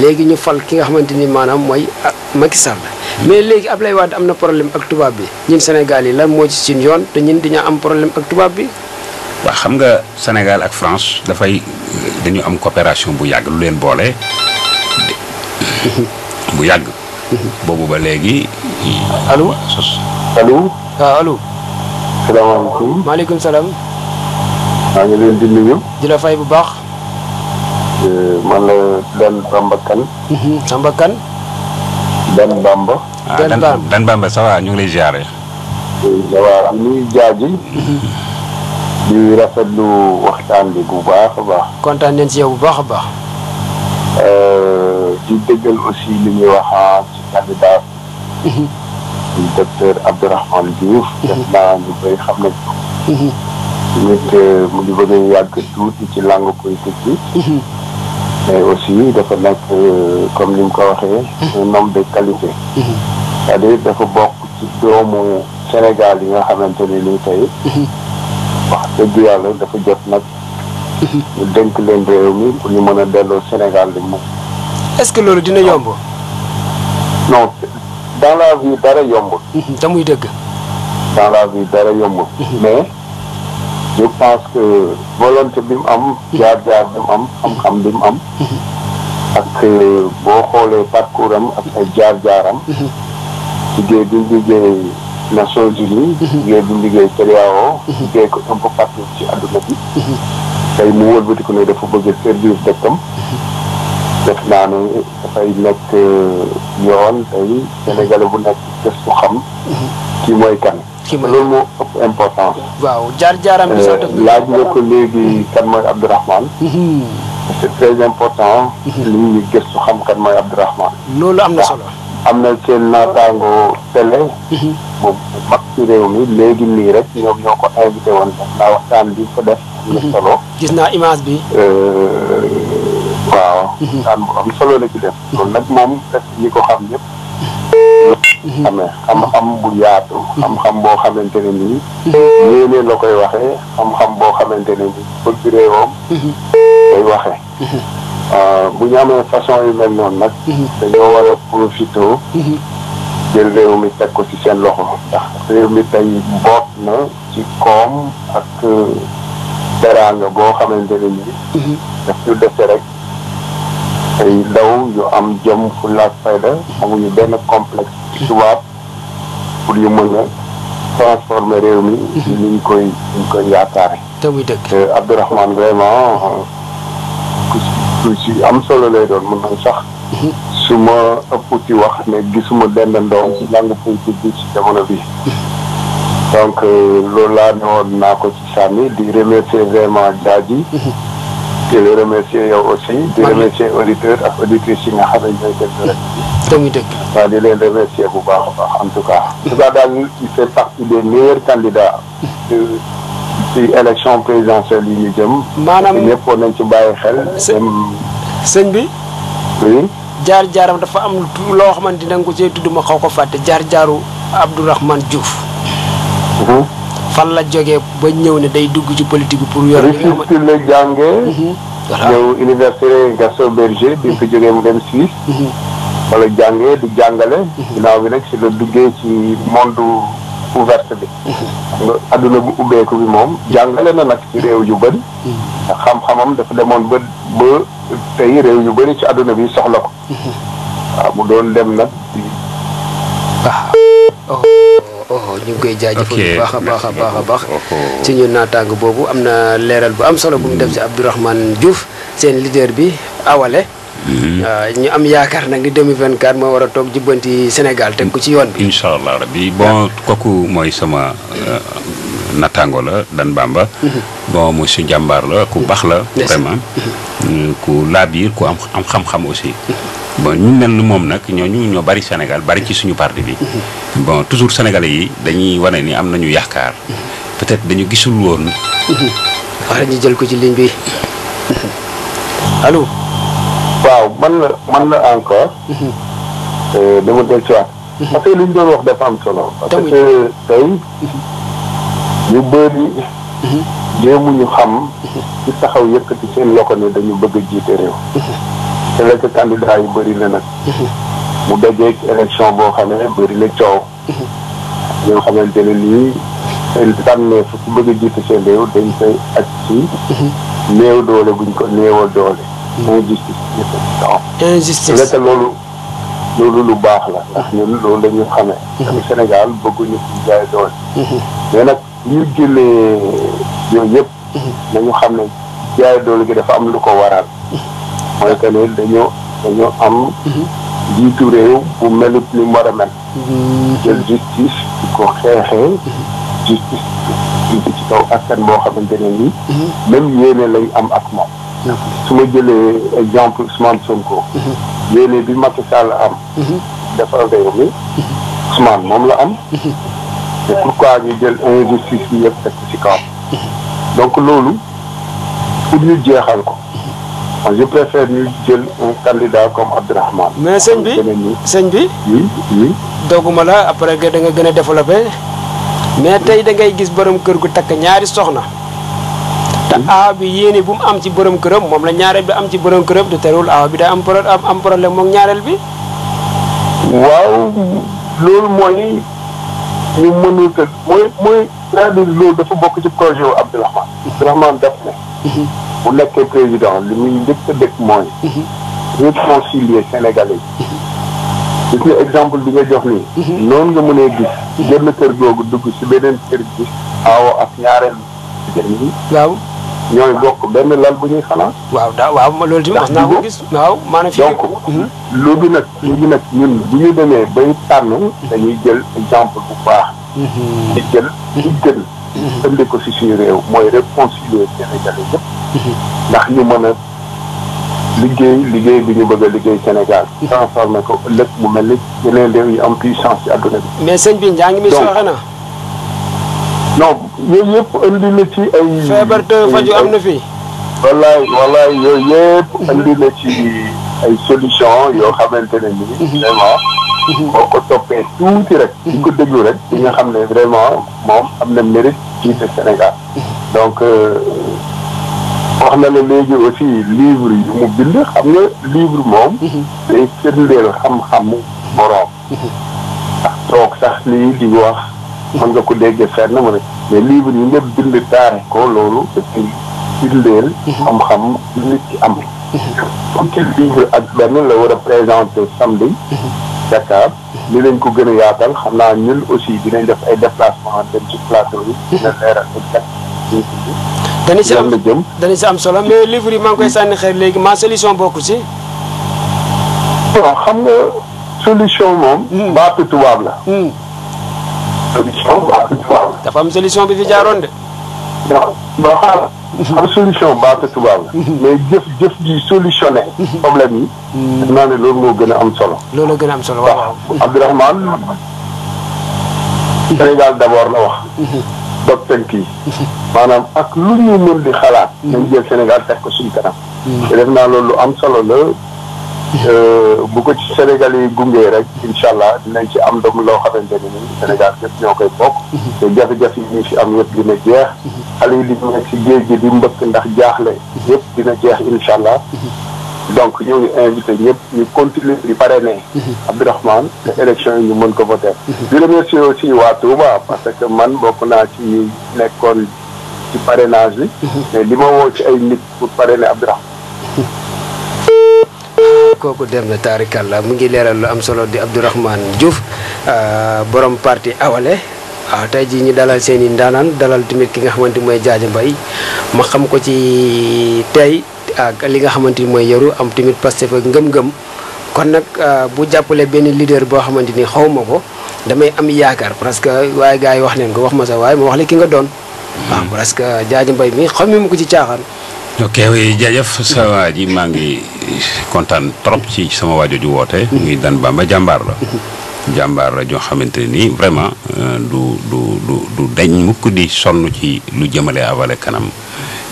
léegi ñu fal ki nga xamante ni maanaam mooy ah, Macky Sall mais léegi Abdoulaye Wade am na problème ak tubaab bi ñun Sénégal yi lan moo ci suñu yoon te ñun dañoo am problème ak tubaab bi waaw xam nga Sénégal ak France dafay dañu am coopération bu yàgg lu leen boole bu yàgg boobu ba léegi. allo allo. waaw ah, allo. salaamaaleykum. maaleykum salaam. maa ngi leen di nuyu. di la fay bu baax. Eh, man la Dan Bamba Kane. Bamba mhm, Kane. Dan Bamba. Ah, Dan Bamba Dan Bamba ça va ñu ngi lay ziare. Eh, ça va nuyu jaaji. Mhm. di rafetlu waxtaan bi bu baax a baax. kontaan nañ ci yow bu baax a baax. Eh, di dëggal aussi li ñuy candidat mhm. docteur Abdourahmane Diouf mhm. def naa ñu bëri xam nañ ko mhm. nit mu ngi bëgg yàgg tuuti ci langue politique bi mais aussi dafa nekk euh, comme ni mu ko waxee un de qualité cest dafa bokk ci doomu Sénégal yi nga xamante ni nii tey wax dëgg yàlla dafa jot nag ñu dénk leen réew mi pour ñu mën a delloo Sénégal li mu est-ce que loolu dina yomb non dans la vie dara yombul. Mhm, te muy dëgg. dans la vie dara yombul. Mhm. mais je pense que volonté bi mu am. Mhm. jaar-jaar bi mu am xam-xam bi mu am. ak euh, boo xoolee parcours am ay jaar-jaaram. liggéey bi liggéey Nations Unies. liggéey bi liggéey CEDEAO. liggéey ko un peu ci àdduna bi. tey mu wëlbatiku ne dafa bëgg service dëkkam. def naa ne dafay nekk euh, yoon tey sénégalais bu nekk gës xam mhm. kii mooy kan loolu moo ëpp importance waaw jaar jaaram bi sax euh, laaj nga ko léegi kan mooy Abdourahmane mhm. c'est très important mhm. li ñu gës bu xam kan mooy loolu am na solo am na seen naataango télé bu mag ci réew mi léegi nii rek ñoom ñoo ko invité woon naa waxtaan bi ko def am solo gis naa image bi euh, daan solo la ci def loolu nag moom fekk ñi ko xam ñëpp xamee bu yaatu xam-xam boo xamante ne nii yéene la koy waxee xam-xam boo xamante ne nii bëgg réewam euh, bu ñu amee yu mel noonu nag dañoo war a profité réew mi teg ko ci seen loxo ndax réew mi tey boot na ci koom ak euh, teraanga boo xamante ne nii mhm. daf ñu dese rek ay ndaw yu am jom fu laak fayda amuñu benn complexe tubaab pour yu mën na transformer réew mi liñ koy liñ koy yaakaare te muy dëkk Abdourahmane vraiment am solo lay doon mën nañ sax mhm. su ma ëpp ci wax ne gisuma benn ndoom si langue politique bi ci jamono bi mhm. donc euh, loolu laa ne woon naa ko ci sànni di remercier vraiment Diadji mhm. di la remercier yow aussi. di remercier auditeurs ak auditrices yi nga xam ne ñooy déglu rek. tamit dëgg. waaw di leen remercier bu baax a baax en tout cas. en tout cas daal il fait partie des meilleurs candidats. ci élection présidentielle yi ñu jëm. maanaam ñëpp war nañ ci bàyyi xel. sëñ bi. oui. jaar jaaram dafa am loo xamante ne da nga ko cee tudd ma xaw ko fàtte jaar jaaru Abdourahmane Diouf. Mhm. fan la jógee ba ñëw ni day dugg ci politique pour yor li nga xam la jàngee. Mhm. ñëw université Gaston Berger. bi fi mhm. jógee mu dem Suisse. wala mhm. jàngee di jàngale. ginnaaw bi nag si la duggee ci monde ouverte bi. adduna bu ubbeeku bi moom jàngale na nag ci réew yu bëri. ndax xam-xamam dafa demoon ba ba tey réew yu bëri ci adduna bi soxla ko. waaw mu doon dem nag. oh ñu ngi koy jaajëfal bu baax a baax a baax a baax ci ñu naataango boobu am na leeral bu am solo bu mu def si Abdourahmane Diouf seen leader bi awale mhm. ah, ñu am yaakaar nag ni 2024 moo war a toog jubbanti Sénégal te ko ci yoon bi incha allah rabbi bon ah. kooku mooy sama euh, nattaango la Dan Bamba mhm. bon monsieur jàmbaar la ku baax la vraiment mhm. euh, ku laabiir ku am am xam-xam aussi bon ñu mel ni moom nag ñooñu ñoo bari Sénégal bari ci suñu parti bi. bon toujours sénégalais yi dañuy wane ni am nañu yaakaar. peut-être dañu gisul woon. waaw ñu jël ko ci ligne bi allo. waaw man la man la encore. Euh, dama del ci waat. Mhm. parce que li ñu doon wax dafa am solo. parce que tey ñu bëri. Mhm. jéemuñu xam. Mhm. ci taxaw yëkkati seen loko ne dañu bëgg a jiite réew. te la ca candidat yi bëri na nag. Mm-hmm. mu dajeeg élection boo xam ne bëri na coow. Mm-hmm. ñoo xamante ne nii seen tànneef ku bëgg a jiite seen réew dañ koy aj ci. Mm-hmm. néew doole buñ ko néewal doole. injustice yëpp. injustice loolu loolu lu baax la ndax ñun loolu la ñu xamee. Sénégal bëgguñu fi jaay doole. mais nag ñu jëlee yooyu yëpp. nañu xam ne jaay doole gi dafa am lu ko waral. mooy que ne dañoo dañoo am. jiitu réew bu melut ni mu war a mel. Mhm. jël justice di ko xeexee. justice ci kaw askan boo xamante ne nii. Mhm. même yéene lañ am ak moom. su ma jëlee exemple Ousmane Sonko. Mhm. yéene bi Macky Sall am. dafa réew mi. Ousmane moom la am. te pourquoi ñu jël injustice bi yëpp teg ci kawam. donc loolu pour ñu jeexal ko. Ah, je préfère ñu jël mais sëñ bi ah, sëñ bi. oui dogguma la après da nga gën a développé. mais tey da ngay gis borom kër gu takk ñaari soxna. te aaw bi yéene bu mu am ci borom këram moom la ñaareel bi am ci borom këram du terewul aaw bi day am pro am problème moom ñaareel bi. waaw loolu mooy ñu mënul te mooy mooy cest loolu dafa bokk ci projet wu Abdourahmane. Abdourahmane daf ne. Mhm. bu nekkee président li muy njëkk a dëkk mooy. Mhm. réconcilier Sénégalais yi. Mhm. gis nga exemple bi nga jox nii. Mhm. noonu nga mënee gis. génn kër googu dugg si beneen kër gi. awo ak ñaareel jigéen ñi. waaw. ñooy bokk benn lal bu ñuy xanaa. waaw daa waaw loolu tamit wax naa ko gis. waaw maanaam fii donc. léegi nag léegi nag ñun bu ñu demee bay tànn. dañuy jël exemple bu baax. di jël di gën. indi ko si suñu réew mooy réconcilier jafe-jafe yëpp ndax ñu mën a liggéey liggéey bi ñu bëgg a liggéey Sénégal transformé ko lépp mu mel ni yeneen réew yi am puissance ci àdduna mais sëñ bi njàng mi sooxe na non yooyu yëpp indi na ci ay feebar te faju am na fii wallaay wallaay yooyu yëpp indi na ci ay solution yoo xamante ne nii mhm. vraiment boo ko toppee tuuti rek di ko déglu rek di nga xam ne vraiment moom am na mérite ci ce Sénégal. donc euh, wax na la léegi aussi livre yu mu bind xam nga livre moom. day firndeel xam-xamu boroom. ndax toog sax lii di wax. mën nga ko déggee fenn mu ne mais livre yi nga bind taare ko loolu dafay firndeel. xam-xam nit ki am. Mhm. fukki livre ak benn la war a présenter samedi. Mhm. Dakar. dinañ ko gën a yaatal xam naa ñun aussi dinañ def ay déplacement dem ci plateau yi. dina leeral ak ñun dana si am jëm dana si am solo mais livre maa koy sànni léegi ma solution bokku si. bon xam nga solution moom. Hmm. baatu tubaab la. Hmm. solution la. dafa am solution bi fi jaaroon de. ndax ba xaaral. am solution baatu tubaab la. Mhm. mais jëf jëf ji solutionné. Mhm. problème yi. def mhm. naa loolu moo gën a am solo. loolu gën a am solo waaw waaw. Abdourahmane Sénégal d'abord la wax. dog tënk yi. maanaam ak lu ñu mën di xalaat. nañ jël Sénégal teg ko suñu kanam. te def loolu solo la. Euh, bu ko ci Sénégal yi gungee rek incha allah dinañ ci am ndam loo xamante ne ni Sénégal yëpp ñoo koy bokk. Mhm. te jafe-jafe yi ñu ci am yëpp dina jeex. Mhm. xale yi li ñu nekk ci géej gi di mbëkk ndax jaaxle. Mhm. yëpp dina jeex incha allah. donc ñoo invité ñëpp ñu continuer di parrainer. Abdourahmane te élection yi ñu mën ko voter. di remercier aussi waa Touba parce que man bokk naa ci nekkoon ci parrainage bi. mais li ma woo ci ay nit pour parrainer Abdourahmane kooku dem na la mu ngi leeral lu am solo di Abdourahmane Diouf ah, borom parti awale waaw ah, tey jii ñu dalal seen i ndaanaan dalal tamit ki nga xamante mooy Diadia mbay ma xam ko ci tey ak li nga xamante ni mooy yaru am tamit Pastef ak ngëm-ngëm kon nag ah, bu jàppale benn leader boo xamante ni xaw ma ko damay am yaakaar parce que waaye gars yi wax neen ko wax ma sa waaye ma wax la ki nga doon waaw parce que Diadia Mbaye mi xam mi ma ko ci caaxaan ok jaajëf sa waa ji maa ngi kontaan trop ci sama waajo ju woote. mu ngi daan Bamba jàmbaar la. jàmbaar la joo xamante ni vraiment euh, du du du du dañ mukk di sonn ci lu jëmale avale kanam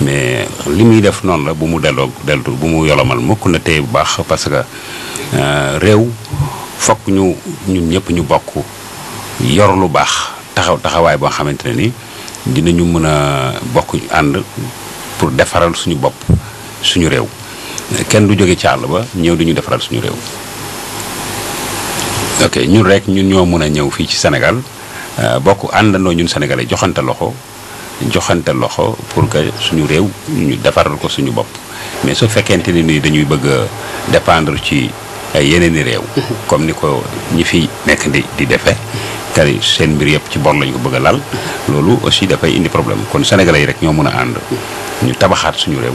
mais li muy def noonu la bu mu delloo deltu bu mu yolomal mukk na tey bu baax parce que euh, réew fokk ñu ñun ñëpp ñu bokk yor lu baax taxaw taxawaay boo xamante ne ni dinañu mën a bokk ànd pour defaral suñu bopp suñu réew kenn du jóge ci àll ba ñëw duñu defaral suñu réew ok ñun rek ñun ñoo mën a ñëw fii ci senegal euh, bokk àndandoo ñun sénégalais joxante loxo joxante loxo pour que suñu réew ñu defaral ko suñu bopp mais su fekkente ne ni dañuy bëgg a dépendre ci ay yeneeni réew. <laughs> comme ni ko ñi fi nekk di di defee. askan yi seen mbir yëpp ci bor lañ ko bëgg a laal loolu aussi dafay indi problème kon sénégalais yi rek ñoo mën a ànd ñu tabaxaat suñu réew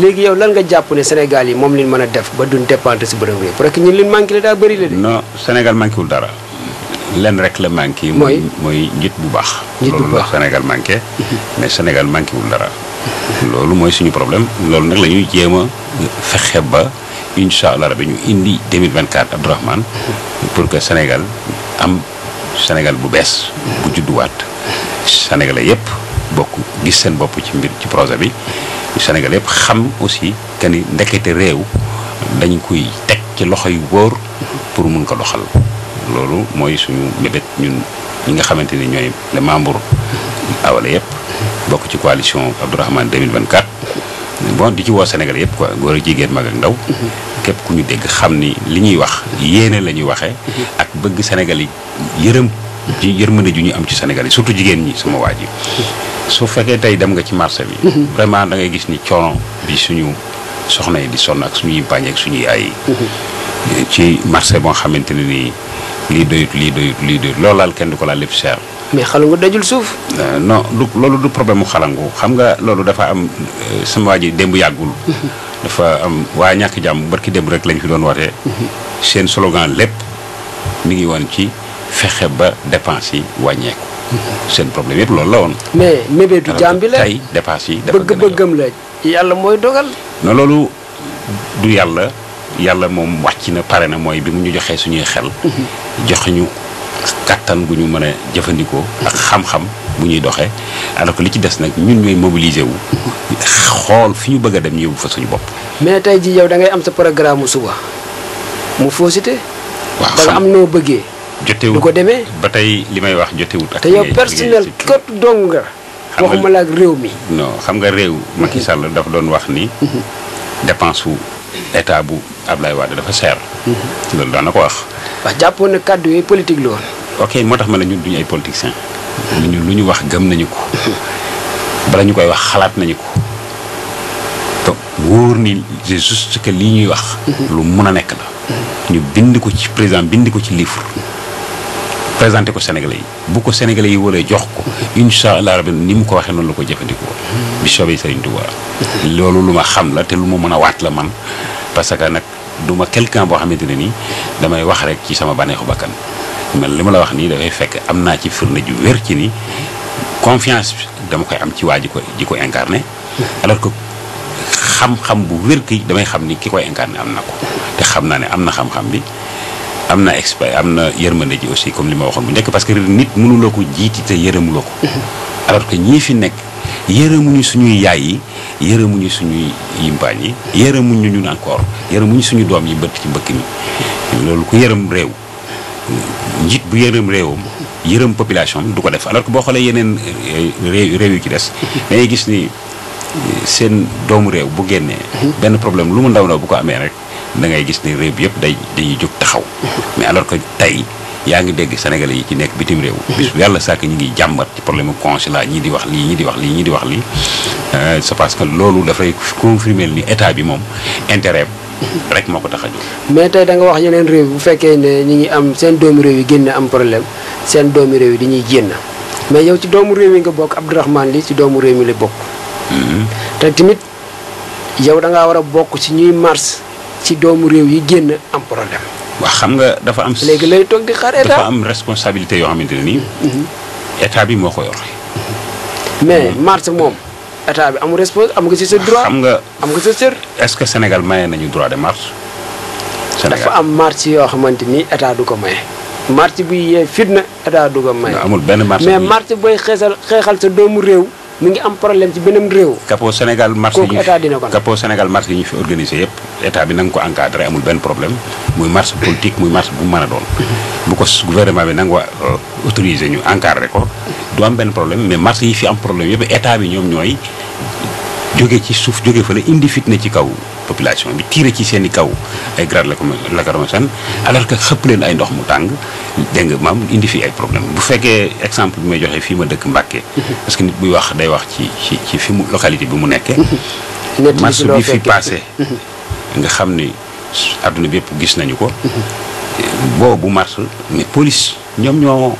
léegi yow lan nga jàpp ne Sénégal yi moom lañ mën a def ba duñ dépendre si bërëm réew parce que ñun liñ manqué la daa bëri dara lenn rek la manqué mooy mooy njiit bu baax loolu la Sénégal manqué <laughs> mais manqué wul dara loolu mooy suñu problème loolu nag la ñuy jéem a fexe ba incha allah rabi ñu indi 2024 Abdourahmane pour que Sénégal am Sénégal bu bees bu judduwaat Sénégalais yëpp bokk gis seen bopp ci mbir ci projet bi Sénégal yëpp xam aussi que ni ndekete réew dañ koy teg ci loxo yu wóor pour mun ko doxal loolu mooy suñu mébét ñun ñi nga xamante ni ñooy les membres awale yëpp bokk ci coalition Abdourahmane 2024 bon di ci woo Sénégal yëpp quoi góor ak jigéen mag ak ndaw képp ku ñu dégg xam ni li ñuy wax yéene la ñuy waxee ak bëgg Sénégal yi yërëm ji yërmande ju ñu am ci Sénégal surtout jigéen ñi sama waa ji su fekkee tey dem nga ci marché bi mhm. vraiment da ngay gis ni coono bi suñu soxna yi di sonn ak suñuy bàññeek suñuy ay mhm. ci marché boo xamante ni nii lii doyut lii doyut lii doyut loolu laal kenn du ko laa lépp cher mais xalangu dajul suuf. Euh, no du loolu du problème mu xalangu xam nga loolu dafa am euh, sama waa yi démb yàggul. Mhm. dafa am waa ñàkk jàmm ki démb rek lañ fi doon watee seen slogan lépp mi ngi woon ci fexe ba dépense yi wàññeeku. seen problème yëpp loolu la woon. mais mébétu jàmm bi la tey dépense yi. dafa bëgg bëggam la yàlla mooy dogal. na loolu du yàlla yàlla moom wàcc na pare na mooy bi mu ñu joxee suñuy xel. Mhm. jox kàttan gu ñu mën jëfandikoo ak xam-xam bu ñuy doxee alors que li ci des nag ñun ñooy mobiliser wu xool fi ñu bëgg a dem ñu yóbbu fa suñu bopp mais tey ji yow da ngay am sa programme suba mu fausité waaw da am noo bëggee jotewut du ko demee ba tey li may wax jotewut ak te yow personnel kott dong nga waxuma la ak réew mi non xam nga réew Macky mhm. Sall dafa doon wax ni mhm. dépense wu état bu Ablaye Wade dafa seer loolu daan na ko wax. waaw jàppoon na kàddu yi politique la ok moo tax ma ne ñun duñu ay politiciens. lu lu ñu wax gëm nañu ko. bala ñu koy wax xalaat nañu ko. donc wóor ni c'est juste que lii ñuy wax. lu mun a nekk la. ñu bind ko ci président bind ko ci livre. présenté ko Sénégalais yi bu ko Sénégalais yi waree jox ko incha allah rabi ni mu ko waxee noonu la ko jëfandikoo. bi soobee Serigne Touba. loolu lu ma xam la te lu ma mën a waat la man parce que nag. du ma quelqu'un boo xamante ne nii damay wax rek ci sama bànneexu bakkan man li ma la wax nii dafay fekk am naa ci firnde ju wér ci ni confiance dama koy am ci waa ji ko ji ko incarné alors que xam-xam bu wér ki damay xam ni ki koy incarné am na ko te xam naa ne am na xam-xam bi am na expert am na yërmande ji aussi comme li ma waxoon bu njëkk parce que nit mënuloo ko jiiti te yërëmuloo ko mhm. alors que ñii fi nekk yërëmuñu suñuy yaay yi yërëmuñu suñuy yimpaañ yi yërëmuñu ñun encore yërëmuñu suñu doom yi bëtt ci mbëkk mi loolu ku yërëm réew njiit bu yërëm réewam yërëm population du ko def alors que boo xoolee yeneen euh, réew yu ci des dangay gis ni seen doomu réew bu génnee benn problème lu mu ndaw ndaw bu ko amee rek dangay gis ni réew bi yëpp day dañuy jóg taxaw mais alors ko tey yaa ngi dégg sénégalais yi ci nekk bitim réew. Mhm. bis bu yàlla sàkk ñu ngi jàmbat ci problème consulat ñii di wax lii ñii di wax lii ñii di wax lii euh, c'est parce que loolu dafay confirmer ni état bi moom intérêt rek moo ko tax a jóg mais tey da nga wax yeneen réew bu fekkee ne ñu ngi am seen doomu réew yi génn am problème seen doomu réew yi dañuy génn mais yow ci doomu réew yi nga bokk Abdourahmane li ci doomu réew mi la bokk. Mhm. te tamit yow da war a bokk ci ñuy mars. ci doomu réew yi génn am problème. waa xam nga dafa am. léegi lay toog di xaar état dafa am responsabilité yoo xamante ne nii. Mhm. état bi moo ko yor. Mhm. mais mhm. mars moom état bi amul respons am nga ci sa droit. xam nga am nga sa cër. est-ce que Sénégal maye nañu droit de marche. Sénégal dafa am marche yoo xamante ni état du ko maye. marche bi yee fitna état du ko maye. amul benn marche booy xeexal xeexal sa doomu réew. mu ngi am problème ci beneen réew. capot Sénégal marche yi ñu fi capot Sénégal ñu fi organisé yëpp. état bi na ko encadré amul benn problème muy marche politique muy marche bu mu a doon. bu ko gouvernement bi na nga ko euh, autorisé ñu encadré ko du am benn problème mais marche yi fi am problème yëpp état bi ñoom ñooy jóge ci suuf jóge fa la indi na ci kaw population bi tiire ci seen i kaw ay grade la ko la ko san alors que xëpp leen ay ndox mu tàng dégg nga maam indi fi ay problème bu fekkee exemple bi may joxee fii ma dëkk Mbàkke parce que nit buy wax day wax ci ci ci fi mu localité bi mu nekkee <laughs> marche bi <laughs> nga xam ni àdduna bépp gis nañu ko. boobu mars mais police ñoom ñoo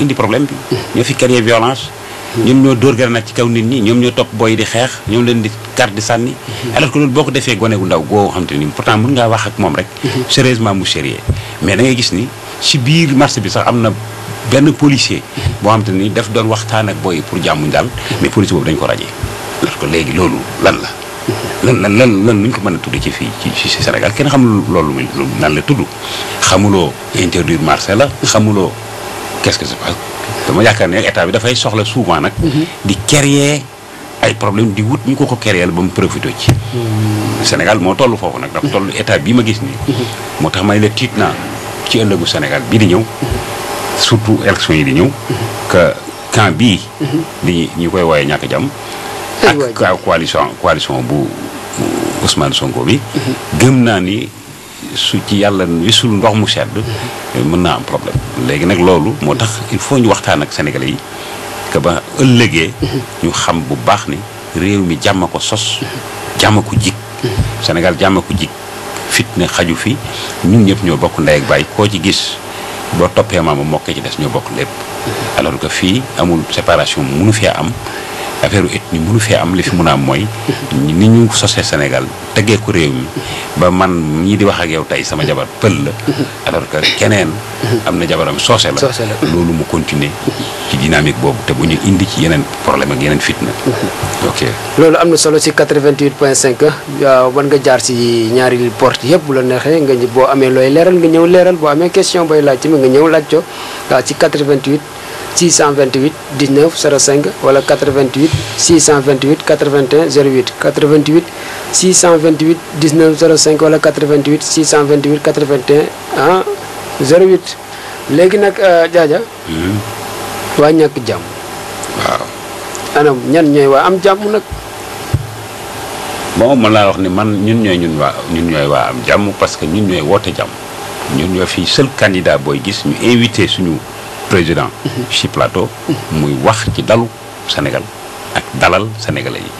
indi problème bi. ñoo fi créer violence. ñoom ñoo dóor grenade ci kaw nit ñi ñoom ñoo topp booy di xeex ñoom leen di carte di sànni. alors ko loolu boo ko defee gone gu ndaw goo xam te ni pourtant mën ngaa wax ak moom rek. sérieusement mu sérieux mais da ngay gis ni si biir mars bi sax am na benn policier. boo xam te ni def doon waxtaan ak booy pour jàmmuñ daal. mais police boobu dañ ko rajee. alors léegi loolu lan la. lan lan lan lan mën a tudd ci fii ci ci Sénégal kenn xamul loolu muy loolu nan la tudd xamuloo interdire marché la xamuloo qu'est-ce que ça passe dama yaakaar ne état bi dafay soxla souvent nag. Mhm. di créer ay problème di wut ñu ko ko la ba mu profité ci. Mhm. Sénégal moo toll foofu nag. dafa toll état bii ma gis nii. Mhm. moo tax may la tiit naa ci ëllëgu Sénégal bi di ñëw. surtout élection yi di ñëw. que camp bii. di ñu koy wooyee ñàkk jàmm. ak coalition coalition bu. Ousmane Sonko bi gëm naa ni su ci yàlla wisul ndox mu sedd mën naa am problème léegi nag loolu moo tax il faut ñu waxtaan ak sénégalais yi que ba ëllëgee ñu xam bu baax ni réew mi jàmm ko sos jàmm ko jik Sénégal jàmm ko jik fitna xaju fi ñun ñëpp ñoo bokk ndey ak bàyyi koo ci gis boo toppee maama mokkee ci des ñoo bokk lépp alors que fii amul séparation mënu fee am affaire ethnie mënu fee am li fi mun a am mooy. ni ñu sosee senegal teggee ku réew mi ba man ñii di wax ak yow tey sama jabar pël la. alors que keneen. am na jabaram soose la. loolu mu continuer ci dynamique boobu te bu ñu indi ci yeneen problème ak yeneen fitna. ok loolu am na solo si 88 point 5 wan nga jaar si ñaari porte yëpp bu la neexee nga boo amee looy leeral nga ñëw leeral boo amee question booy laaj tamit nga ñëw laaj ko ci 88. 628 19 05 wala 88 628 81 08 88 628 19 05 wala 88 628 81 ah 08 léegi nag euh, jaaja hmm. waa ñàkk jàmm waaw anam ñan ñooy waa am jàmm nag bon mën laa wax ni man ñun ñooy ñun waa ñun ñooy waa am jàmm parce que ñun ñooy woote jàmm ñun ñoo fi seul candidat booy gis ñu invité suñu président. ci plateau. muy wax ci dalu Sénégal ak dalal sénégalais yi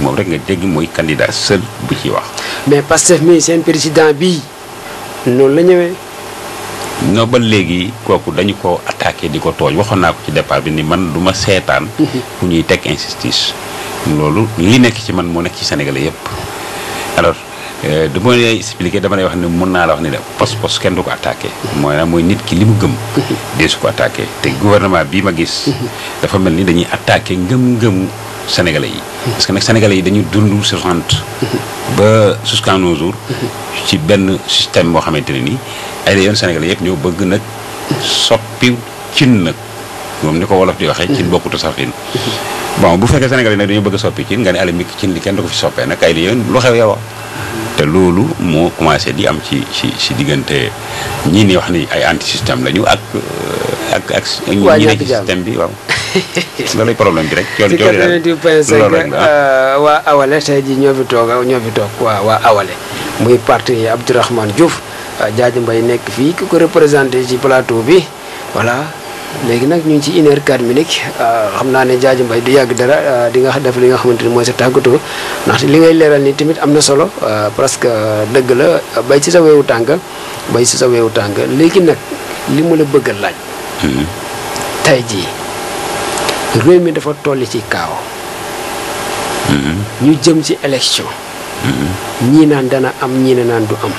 moom rek nga dégg mooy candidat seul bu ci wax. mais Pastef mi seen président bii loolu la ñëwee. non ba léegi kooku dañu ko attaqué di ko tooñ waxoon naa ko ci départ bi ni man du ma seetaan. ku mhm. ñuy teg injustice. loolu li nekk ci man moo nekk ci sénégalais yépp Euh, du ma lay expliqué dama lay wax ne mën naa la wax ni la pos pos kenn du ko attaqué. mooy nag mooy nit ki li mu gëm. <laughs> dee su ko attaqué te gouvernement bii ma gis. <laughs> dafa mel ni dañuy attaqué ngëm-ngëmu sénégalais yi. <laughs> parce que nag sénégalais yi dañu dund soixante. ba jusqu'à nos jours. ci benn système boo xamante ne nii ay la yoon sénégalais yëpp ñoo bëgg nag soppi cin nag moom ni ko wolof di waxee. cin bokkut safin bon bu fekkee sénégalais nag dañu bëgg a soppi cin nga ne alamik cin li kenn du ko te loolu moo commencé di am ci ci ci diggante ñii ni wax ni ay anti système lañu ak euh, ak ak ñi ne ci système bi waaw. <laughs> loolay problème bi rek. ci 98.5 rek ah. euh, waa Awalé tey jii ñoo fi toog ñoo fi toog waa awale muy parti Abdourahmane Diouf euh, Diadji mbay nekk fii ki ko représenté ci plateau bi voilà. léegi nag ñu ngi ci une heure mi minutes euh, xam naa ne jaaji mbay du yàgg dara euh, dinga nga def li nga xamante ni mooy sa tàggatoo ndax li ngay leeral ni tamit am na solo euh, presque dëgg la bay ci sa weewu tànk bay ci sa weewu tànk léegi nag li mu la bëgg laaj. Hmm. tey jii réew mi dafa tolli ci kaaw. Hmm. ñu jëm ci élection. Hmm. ñii naan dana am ñii ne naan du am.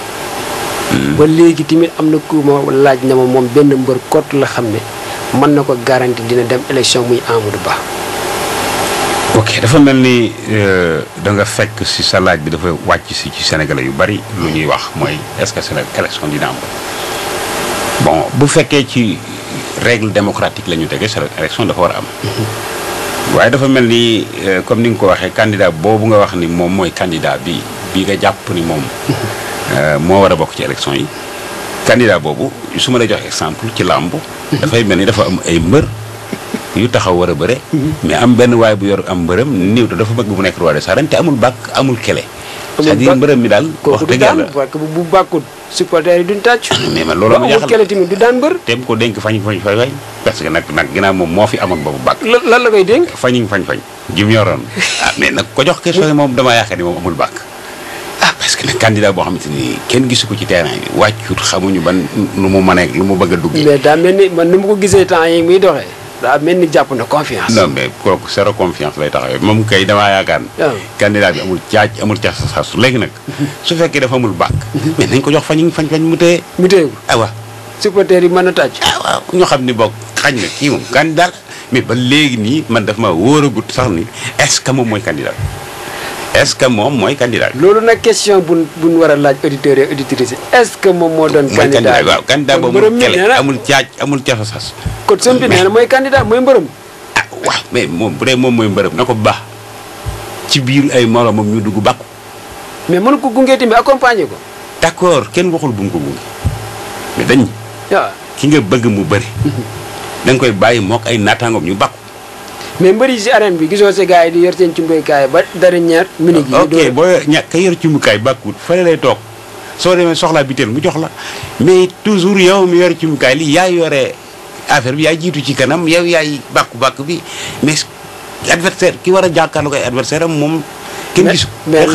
ba léegi tamit am na ku ma laaj na ma moom benn mbër kot la xam ne. mën na ko garanti dina dem élection muy Amadou Ba. ok dafa mel ni euh, da nga fekk si sa laaj bi dafa wàcc si ci sénégalais yu bari lu ñuy wax mooy est-ce que si Sénégal élection dina am bon bu fekkee ci règle démocratique la ñu tege élection dafa war a am. Mm-hmm. waaye dafa mel ni euh, comme ni nga ko waxee candidat boobu nga wax ni moom mooy candidat bi bi nga jàpp ni moom. Mm-hmm. Euh, moo war a bokk ci élection yi. candidat boobu su ma lay jox exemple ci làmb dafay mel ni dafa am ay mbër yu taxaw war a bëre mais am benn waay bu yor am mbërëm niw te dafa bëgg mu nekk roi des arènes te amul kele c'est-à-dire mi daal wax dëgg yàlla bu bàkkut supporter yi duñ tàcc ah, mais man ma jaaxal kele tamit du daan mbër teem ko dénk fañ fañ fañ fañ parce que nag nag moom moo fi amoon ba mu bàkk lan la koy dénk fañi fañ fañ jim yoroon ah mais nag ko jox question moom dama yaakaar ni moom amul bàkk parce que boo xamante ni kenn gisu ko ci terrain bi wàccut xamuñu ba lu mu mën a lu mu bëgg a dugg. mais daa mel man ni ma ko gisee temps yi muy doxee. daa mel ni jàpp na confiance. non mais kooku zéro confiance lay taxawee moom kay damaa yaakaar ne. Ah. candidat bi amul caaj amul caas sasu léegi nag. su fekkee dafa amul bàq. mais nañ ko jox fañ fañ fañ mu téye. mu téye ko ah waaw. supporters yi mën a tàcc. ah waaw ñu xam ni bokk xañ na kii moom mais ba léegi nii man daf ma wóoragut sax ni est-ce que moom mooy candidat. est-ce que moom mooy candidat loolu nag question bu buñ war a laaj auditeurs et auditrices yi est-ce que moom moo doon candidat waaw candidat boobu amul caaj amul caxa sas kon sëñ bi mooy candidat mooy mbërëm ah waaw mais moom bu dee moom mooy mbërëm na ko baax ci biir ay malo moom ñu dugg bàkku mais mënu ko gunge tamit accompagner ko d'accord kenn waxul bu mu ko gunge mais dañ waaw ki nga bëgg mu bëri <laughs> da koy bàyyi mook ay naataangoom ñu bàkku mais mbëri si arène bi gisoo si gars yi di yor seen cumbukaay ba dara ñaar minute yi ok boo ñàkk yor cumbukaay bàkkut fële lay toog soo demee soxlaa biteel mu jox la mais toujours yow mi yor cumbukaay li yaa yoree affaire bi yaa jiitu ci kanam yow yaay bàkku bàkk bi mais adversaire ki war a jàkkaarlu koy adversaire moom kenn gisu mais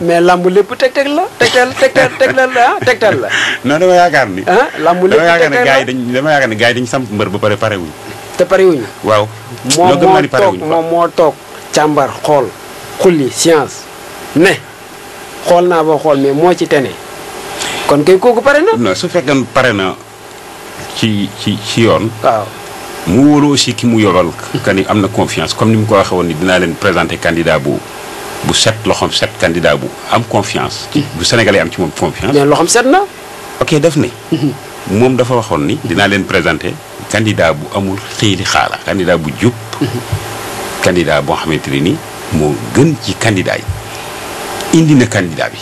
mais lamb lépp tegtal la tegtal tegtal tegtal la ah tegtal la <laughs> non dama yaakaar ni ah, dama yaakaar ne gars yi dañ dama yaakaar ne gars yi dañ samp mbër ba pare parewuñ te pare waaw moom moo toog moom moo toog càmbar xool xulli science ne xool naa boo xool mais moo ci tene kon kay kooku pare na. su fekkee pare na ci ci ci yoon. waaw mu wóolu aussi ki mu yoral. que ni am na confiance comme ni mu ko waxee woon ni dinaa leen présenter candidat bu bu set loxoom set candidat bu am confiance. ci bu sénégalais am ci moom confiance. mais loxoom set na. ok def ni. <laughs> moom dafa waxoon ni dinaa leen présenter. candidat bu amul xiili xaala candidat bu jub candidat boo xamante ne ni moo gën ci candidat yi indi na candidat bi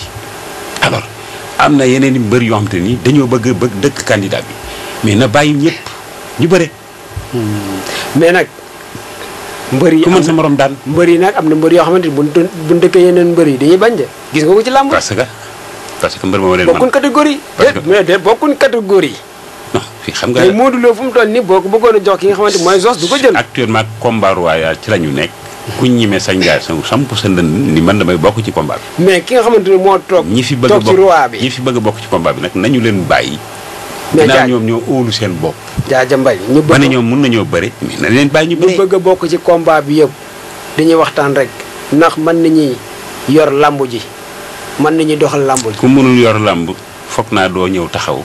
alors am na yeneen i mbër yoo xamante nii dañoo bëgg bëgg dëkk candidat bi mais na bàyyi ñëpp ñu bëre hmm. mais nag mbër yi ku mën sa mbër yi am na mbër yoo xamante ni buñ buñ dëkkee yeneen mbër yi dañuy bañ de gis nga ko ci làmb parce que parce que mbër moo leen bokkuñ catégorie déet mais déet bokkuñ catégorie fii xam nga mais Modou Lo fu mu toll nii boo ko bëggoon a jox ki nga xamante ni mooy Zoss du ko jël. actuellement combat royal ci la ñu nekk. ku ñime sañ ngaa sa samp sa ndënd ni man bokk ci combat bi. mais ki xamante ni moo toog. ñi fi bëgg a bokk ci fi bëgg a bokk ci combat bi nag nañu leen bàyyi. mais jaajëf ñoom ñoo óolu seen bopp. jaaja mbay ñu bëgg a ñoom mun nañoo bëri. mais nañ leen bàyyi ñu bëri ñu bëgg a bokk ci combat bi yëpp. dañuy waxtaan rek ndax mën nañuy yor lamb ji mën nañuy doxal lamb ji. ku mënul yor làmb foog naa doo ñëw taxaw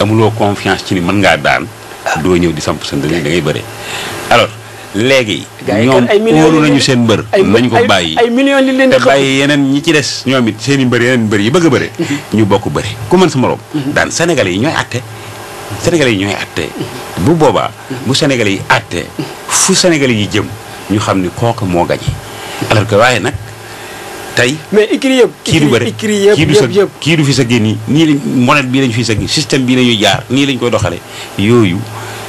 amuloo confiance ci ni mën ngaa daan. doo ñëw di samp sa ndënd da ngay bëre. alors léegi. ñoom wóolu nañu seen mbër. nañ ko bàyyi ay millions leen te bàyyi yeneen ñi ci des. ñoom it seen i mbër yeneen mbër yi bëgg a bëre. Mhm. ñu bokk bëri ku mën sa morom. Mhm. daan Sénégalais yi ñooy àtte. Sénégalais yi ñooy àtte. bu boobaa. bu Sénégalais yi àtte. fu Sénégalais yi jëm ñu xam ni kooku moo gañe alors que waaye nag tey. mais écrit yëpp. kii du bëri kii du sa kii fi sa génn yi nii lañ monnaie bii lañ fi sa génn système bii la jaar nii lañ koy doxalee yooyu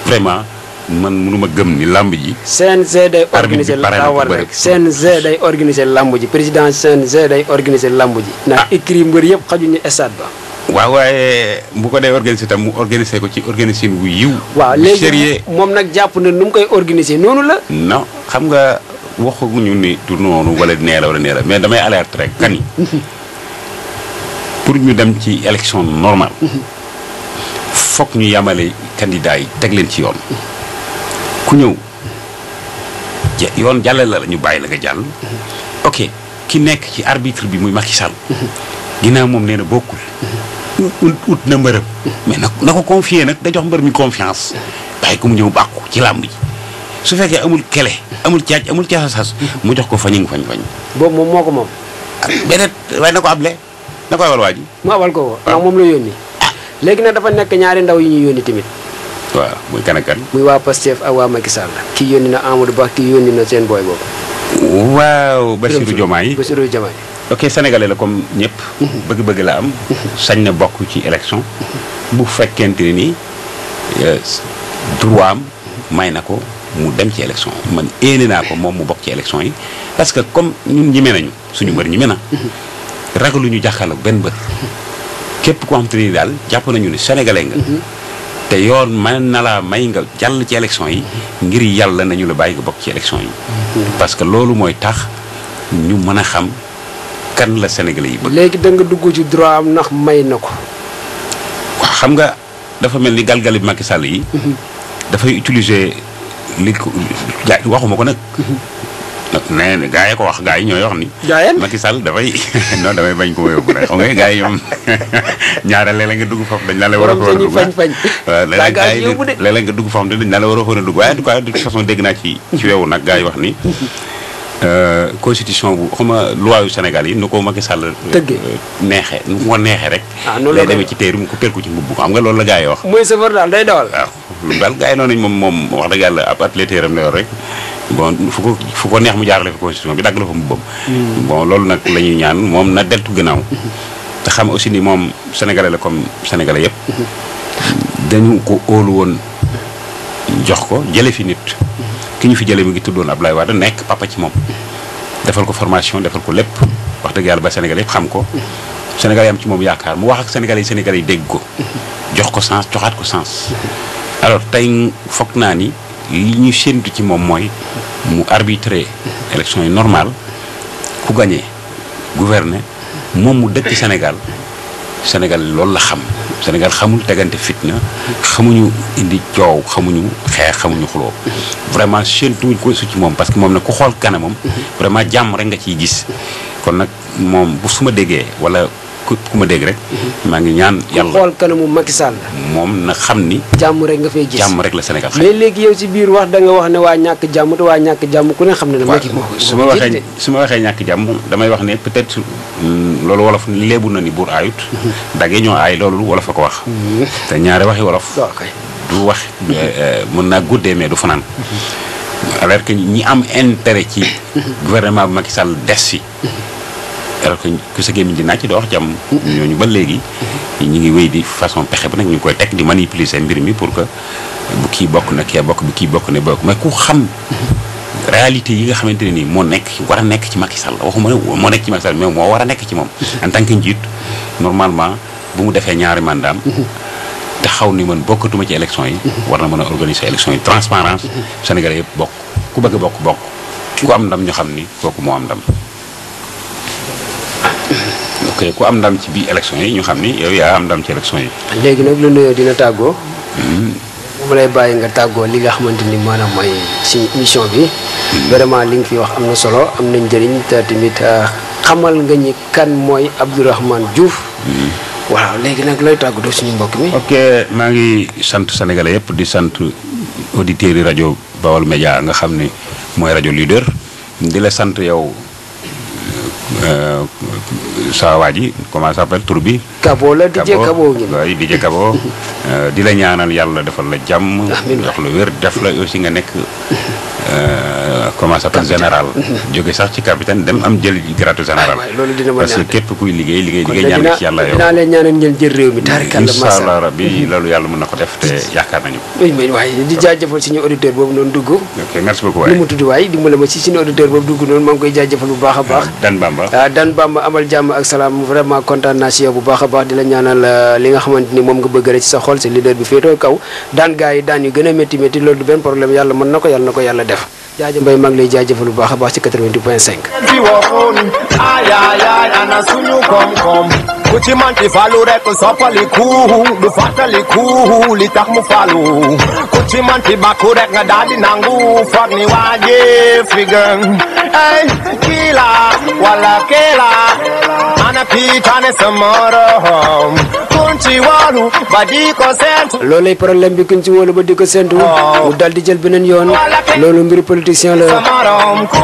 vraiment man ma gëm ni làmb ji. seen day organiser la war rek CNG day organiser làmb ji président CNG day organiser làmb ji. ah ndax écrit mbër yëpp xajuñu stade ba. waaw waaye mu ko dee organiser tam mu organiser ko ci organiser wu yiw. waaw léegi moom nag jàpp na nu mu koy organiser noonu la. non xam nga. waxuñu ni du noonu wala nee la wala nee la mais damay alerte rek kan yi pour ñu dem ci élection normal foog ñu yamale candidat yi teg leen ci yoon ku ñëw yoon jàlle la la ñu bàyyi la nga jàll ok ki nekk ci arbitre bi muy Macky Sall ginnaaw moom nee na bokkul ut na mbërëm mais na na ko confier nag da jox mbër mi confiance bàyyi ku mu ñëw bàkku ci làmb ji su fekkee amul kele amul caaj amul caasas mu jox ko fañing fañ fañ. boobu moom moo ko moom. beneen waaye na ko able na ko abal waa ji. mu abal ko ko ah. ndax moom la yónni. Ah. léegi nag dafa nekk ñaari ndaw yi ñuy yónni tamit. waaw muy kan ak muy waa Pastef ak waa Macky Sall. kii yónni na Amadou Ba kii yónni na seen booy boobu. waaw Bassirou Diomaye Bassirou Diomaye. ok sénégalais la comme ñëpp mhm. bëgg-bëgg la am mhm. sañ na bokk ci élection mhm. bu fekkente nii euh, droit am may na ko mu dem ci élection man éene naa ko moom mu bokk ci élection yi parce que comme ñun ñime nañu suñu mbër ñime na ragaluñu jàkkaarloog benn bët képp koo xam jàpp nañu ne sénégalais nga te yoon mën na laa may nga jàll ci yi ngir yàlla nañu la bàyyi nga bokk ci yi parce que loolu mooy tax ñu mën a xam kan la sénégalais yi bëgg léegi da nga dugg ci droit am ndax may na ko waaw xam nga dafa mel ni galgali bi Macky Sall yi mhm. dafay utiliser li ko waxuma ko nag. Mm-hmm. nee na gaa yi ko wax gaa yi ñooy wax ni. jaayeen Macky Sall dafay <laughs> non damay bañ ko yóbbu rek xam nga gaa yi ñoom <laughs> ñaareel léeg dugg foofu dañ la la war a. war a dugg fañ fañ. waaw léeg-léeg foofu dañ war a war a dugg waaye en tout cas façon dégg naa ci. ci nag gaa wax ni. Mm-hmm. Euh, constitution bu xuma loi yu Sénégal yi nu ko Macky Sall. Euh, tëggee neexee nu ko neexee rek. ah noonu la demee ci téerum ku per ko ci mbubb xam nga loolu la gaa yi wax. mooy safar daal day dawal waaw. daal gars yi noonu moom moom wax dëgg yàlla ab atlétéram la yor rek bon fu ko fu ko neex mu jaarale fi constitution bi dagg la fa mbubbam hmm. bon loolu nag la ñuy ñaan moom na deltu gannaaw te xam aussi ni moom sénégalais la comme sénégalais yëpp dañu ko óolu woon jox ko jële fi nit ki ñu fi jële mu ngi tuddoon Ablaye Wade nekk papa ci moom defal ko formation defal ko lépp wax dëgg yàlla ba sénégalais yëpp xam ko sénégalais am ci moom yaakaar mu wax ak sénégalais yi yi dégg ko jox ko sens joxaat ko sens alors tey foog naa ni li ñu séntu ci moom mooy mu arbitré élection yi normal ku gagné gouverner moom mu dëkk Sénégal Sénégal loolu la xam Sénégal xamul tegante fitna xamuñu indi coow xamuñu xeex xamuñu xuloo vraiment séntuwuñ ko su ci moom parce que moom ne ku xool kanamam. vraiment jàmm rek nga ciy gis kon nag moom suma déggee wala. ku ma dégg rek. Mhm. maa ngi ñaan yàlla xool kanamu Macky Sall. moom na xam ni. jàmm rek nga fay gis jàmm rek la Sénégal xam mais léegi yow si biir wax da nga wax ne waa ñàkk jàmm te waa ñàkk jàmm ku ne xam ne ne. Macky moom su ma waxee su ma waxee ñàkk jàmm damay wax ne peut-être mm, loolu wolof léebu na ni buur aayut. Mhm. dage ñoo aay loolu wolof a ko wax. Mhm. te ñaari waxi wolof. du wax euh, mën naa guddee mais du fanaan. alors que ñi am intérêt ci gouvernement bu Macky des si eral ko ku sa gémmiñ di nàcc doo wax jàmm ñooñu ba léegi ñu ngi wéy di façon pexe ba nag ñu ngi koy teg di manipuler seen mbir mi pour que bu kii bokk na kee bokk bu kii bokk ne bokk mais ku xam réalité yi nga xamante ne nii moo nekk war a nekk ci Macky Sall waxuma ne moo nekk ci Macky Sall mais moo war a nekk ci moom en tant que njiit normalement bu mu defee ñaari mandaam te xaw ni man bokkatuma ci élection yi war na mën a organiser élection yi transparence Sénégalais yëpp bokk ku bëgg bokk bokk ku am ndam ñu xam ni kooku moo am ndam ok ku am ndam ci biir élection yi ñu xam ni yow yaa am ndam ci élection yi. léegi nag lu nuyoo dina tàggoo. mu hmm. lay bàyyi nga tàggoo li nga xamante ni maanaam mooy si mission bi. Hmm. vraiment li nga fi wax am na solo am na njëriñ te tamit euh, xamal nga ñi kan mooy Abdourahmane Diouf. Hmm. waaw léegi nag looy tàggatoo suñu mbokk mi. ok maa ngi sant sénégalais yëpp di sant auditeurs yi rajo Bawal Média nga xam ni mooy rajo leader di la sant yow. Euh, sa waa ji comment ça s'appelle tur bi. Kabo la Didier Kabo ngi waaw euh, di la ñaanal yàlla defal la jàmm. jox la wér def la aussi nga nekk. Euh, comment ça s'appelle général. Mhm. jóge sax ci capitaine dem am jël gratu général. loolu dina ma parce ñaanal ngeen jël réew mi. Mhm. taarikal la macha ko def te yaakaar nañu ko. waaye di jaajëfal suñu auditeur boobu noonu dugg. ok merci beaucoup waay lu mu a baax. Ah, Dan Bamba ah, Dan bu baax a baax di la ñaanal ah, li nga xamante ni moom nga bëgg rek sa xol sa leader bi a métti métti loolu yàlla mën na ko yàlla na ko yàlla def jaaja mbay maa ngi lay jaajëfal bu baax a baax ci 88 point 5. ana suñu koom-koom ku ci manti falu rek soppaliku du li tax mu falu ku ci manti bàkku rek nga daal nangu foog ni waaje fi gën ay kii la wala ana piitaane sa morom kun ci wóolu ba di ko séntu. loolay problème bi kun ci wóolu ba di ko oh. mu daal di jël beneen yoon loolu mbiri pël politicien la.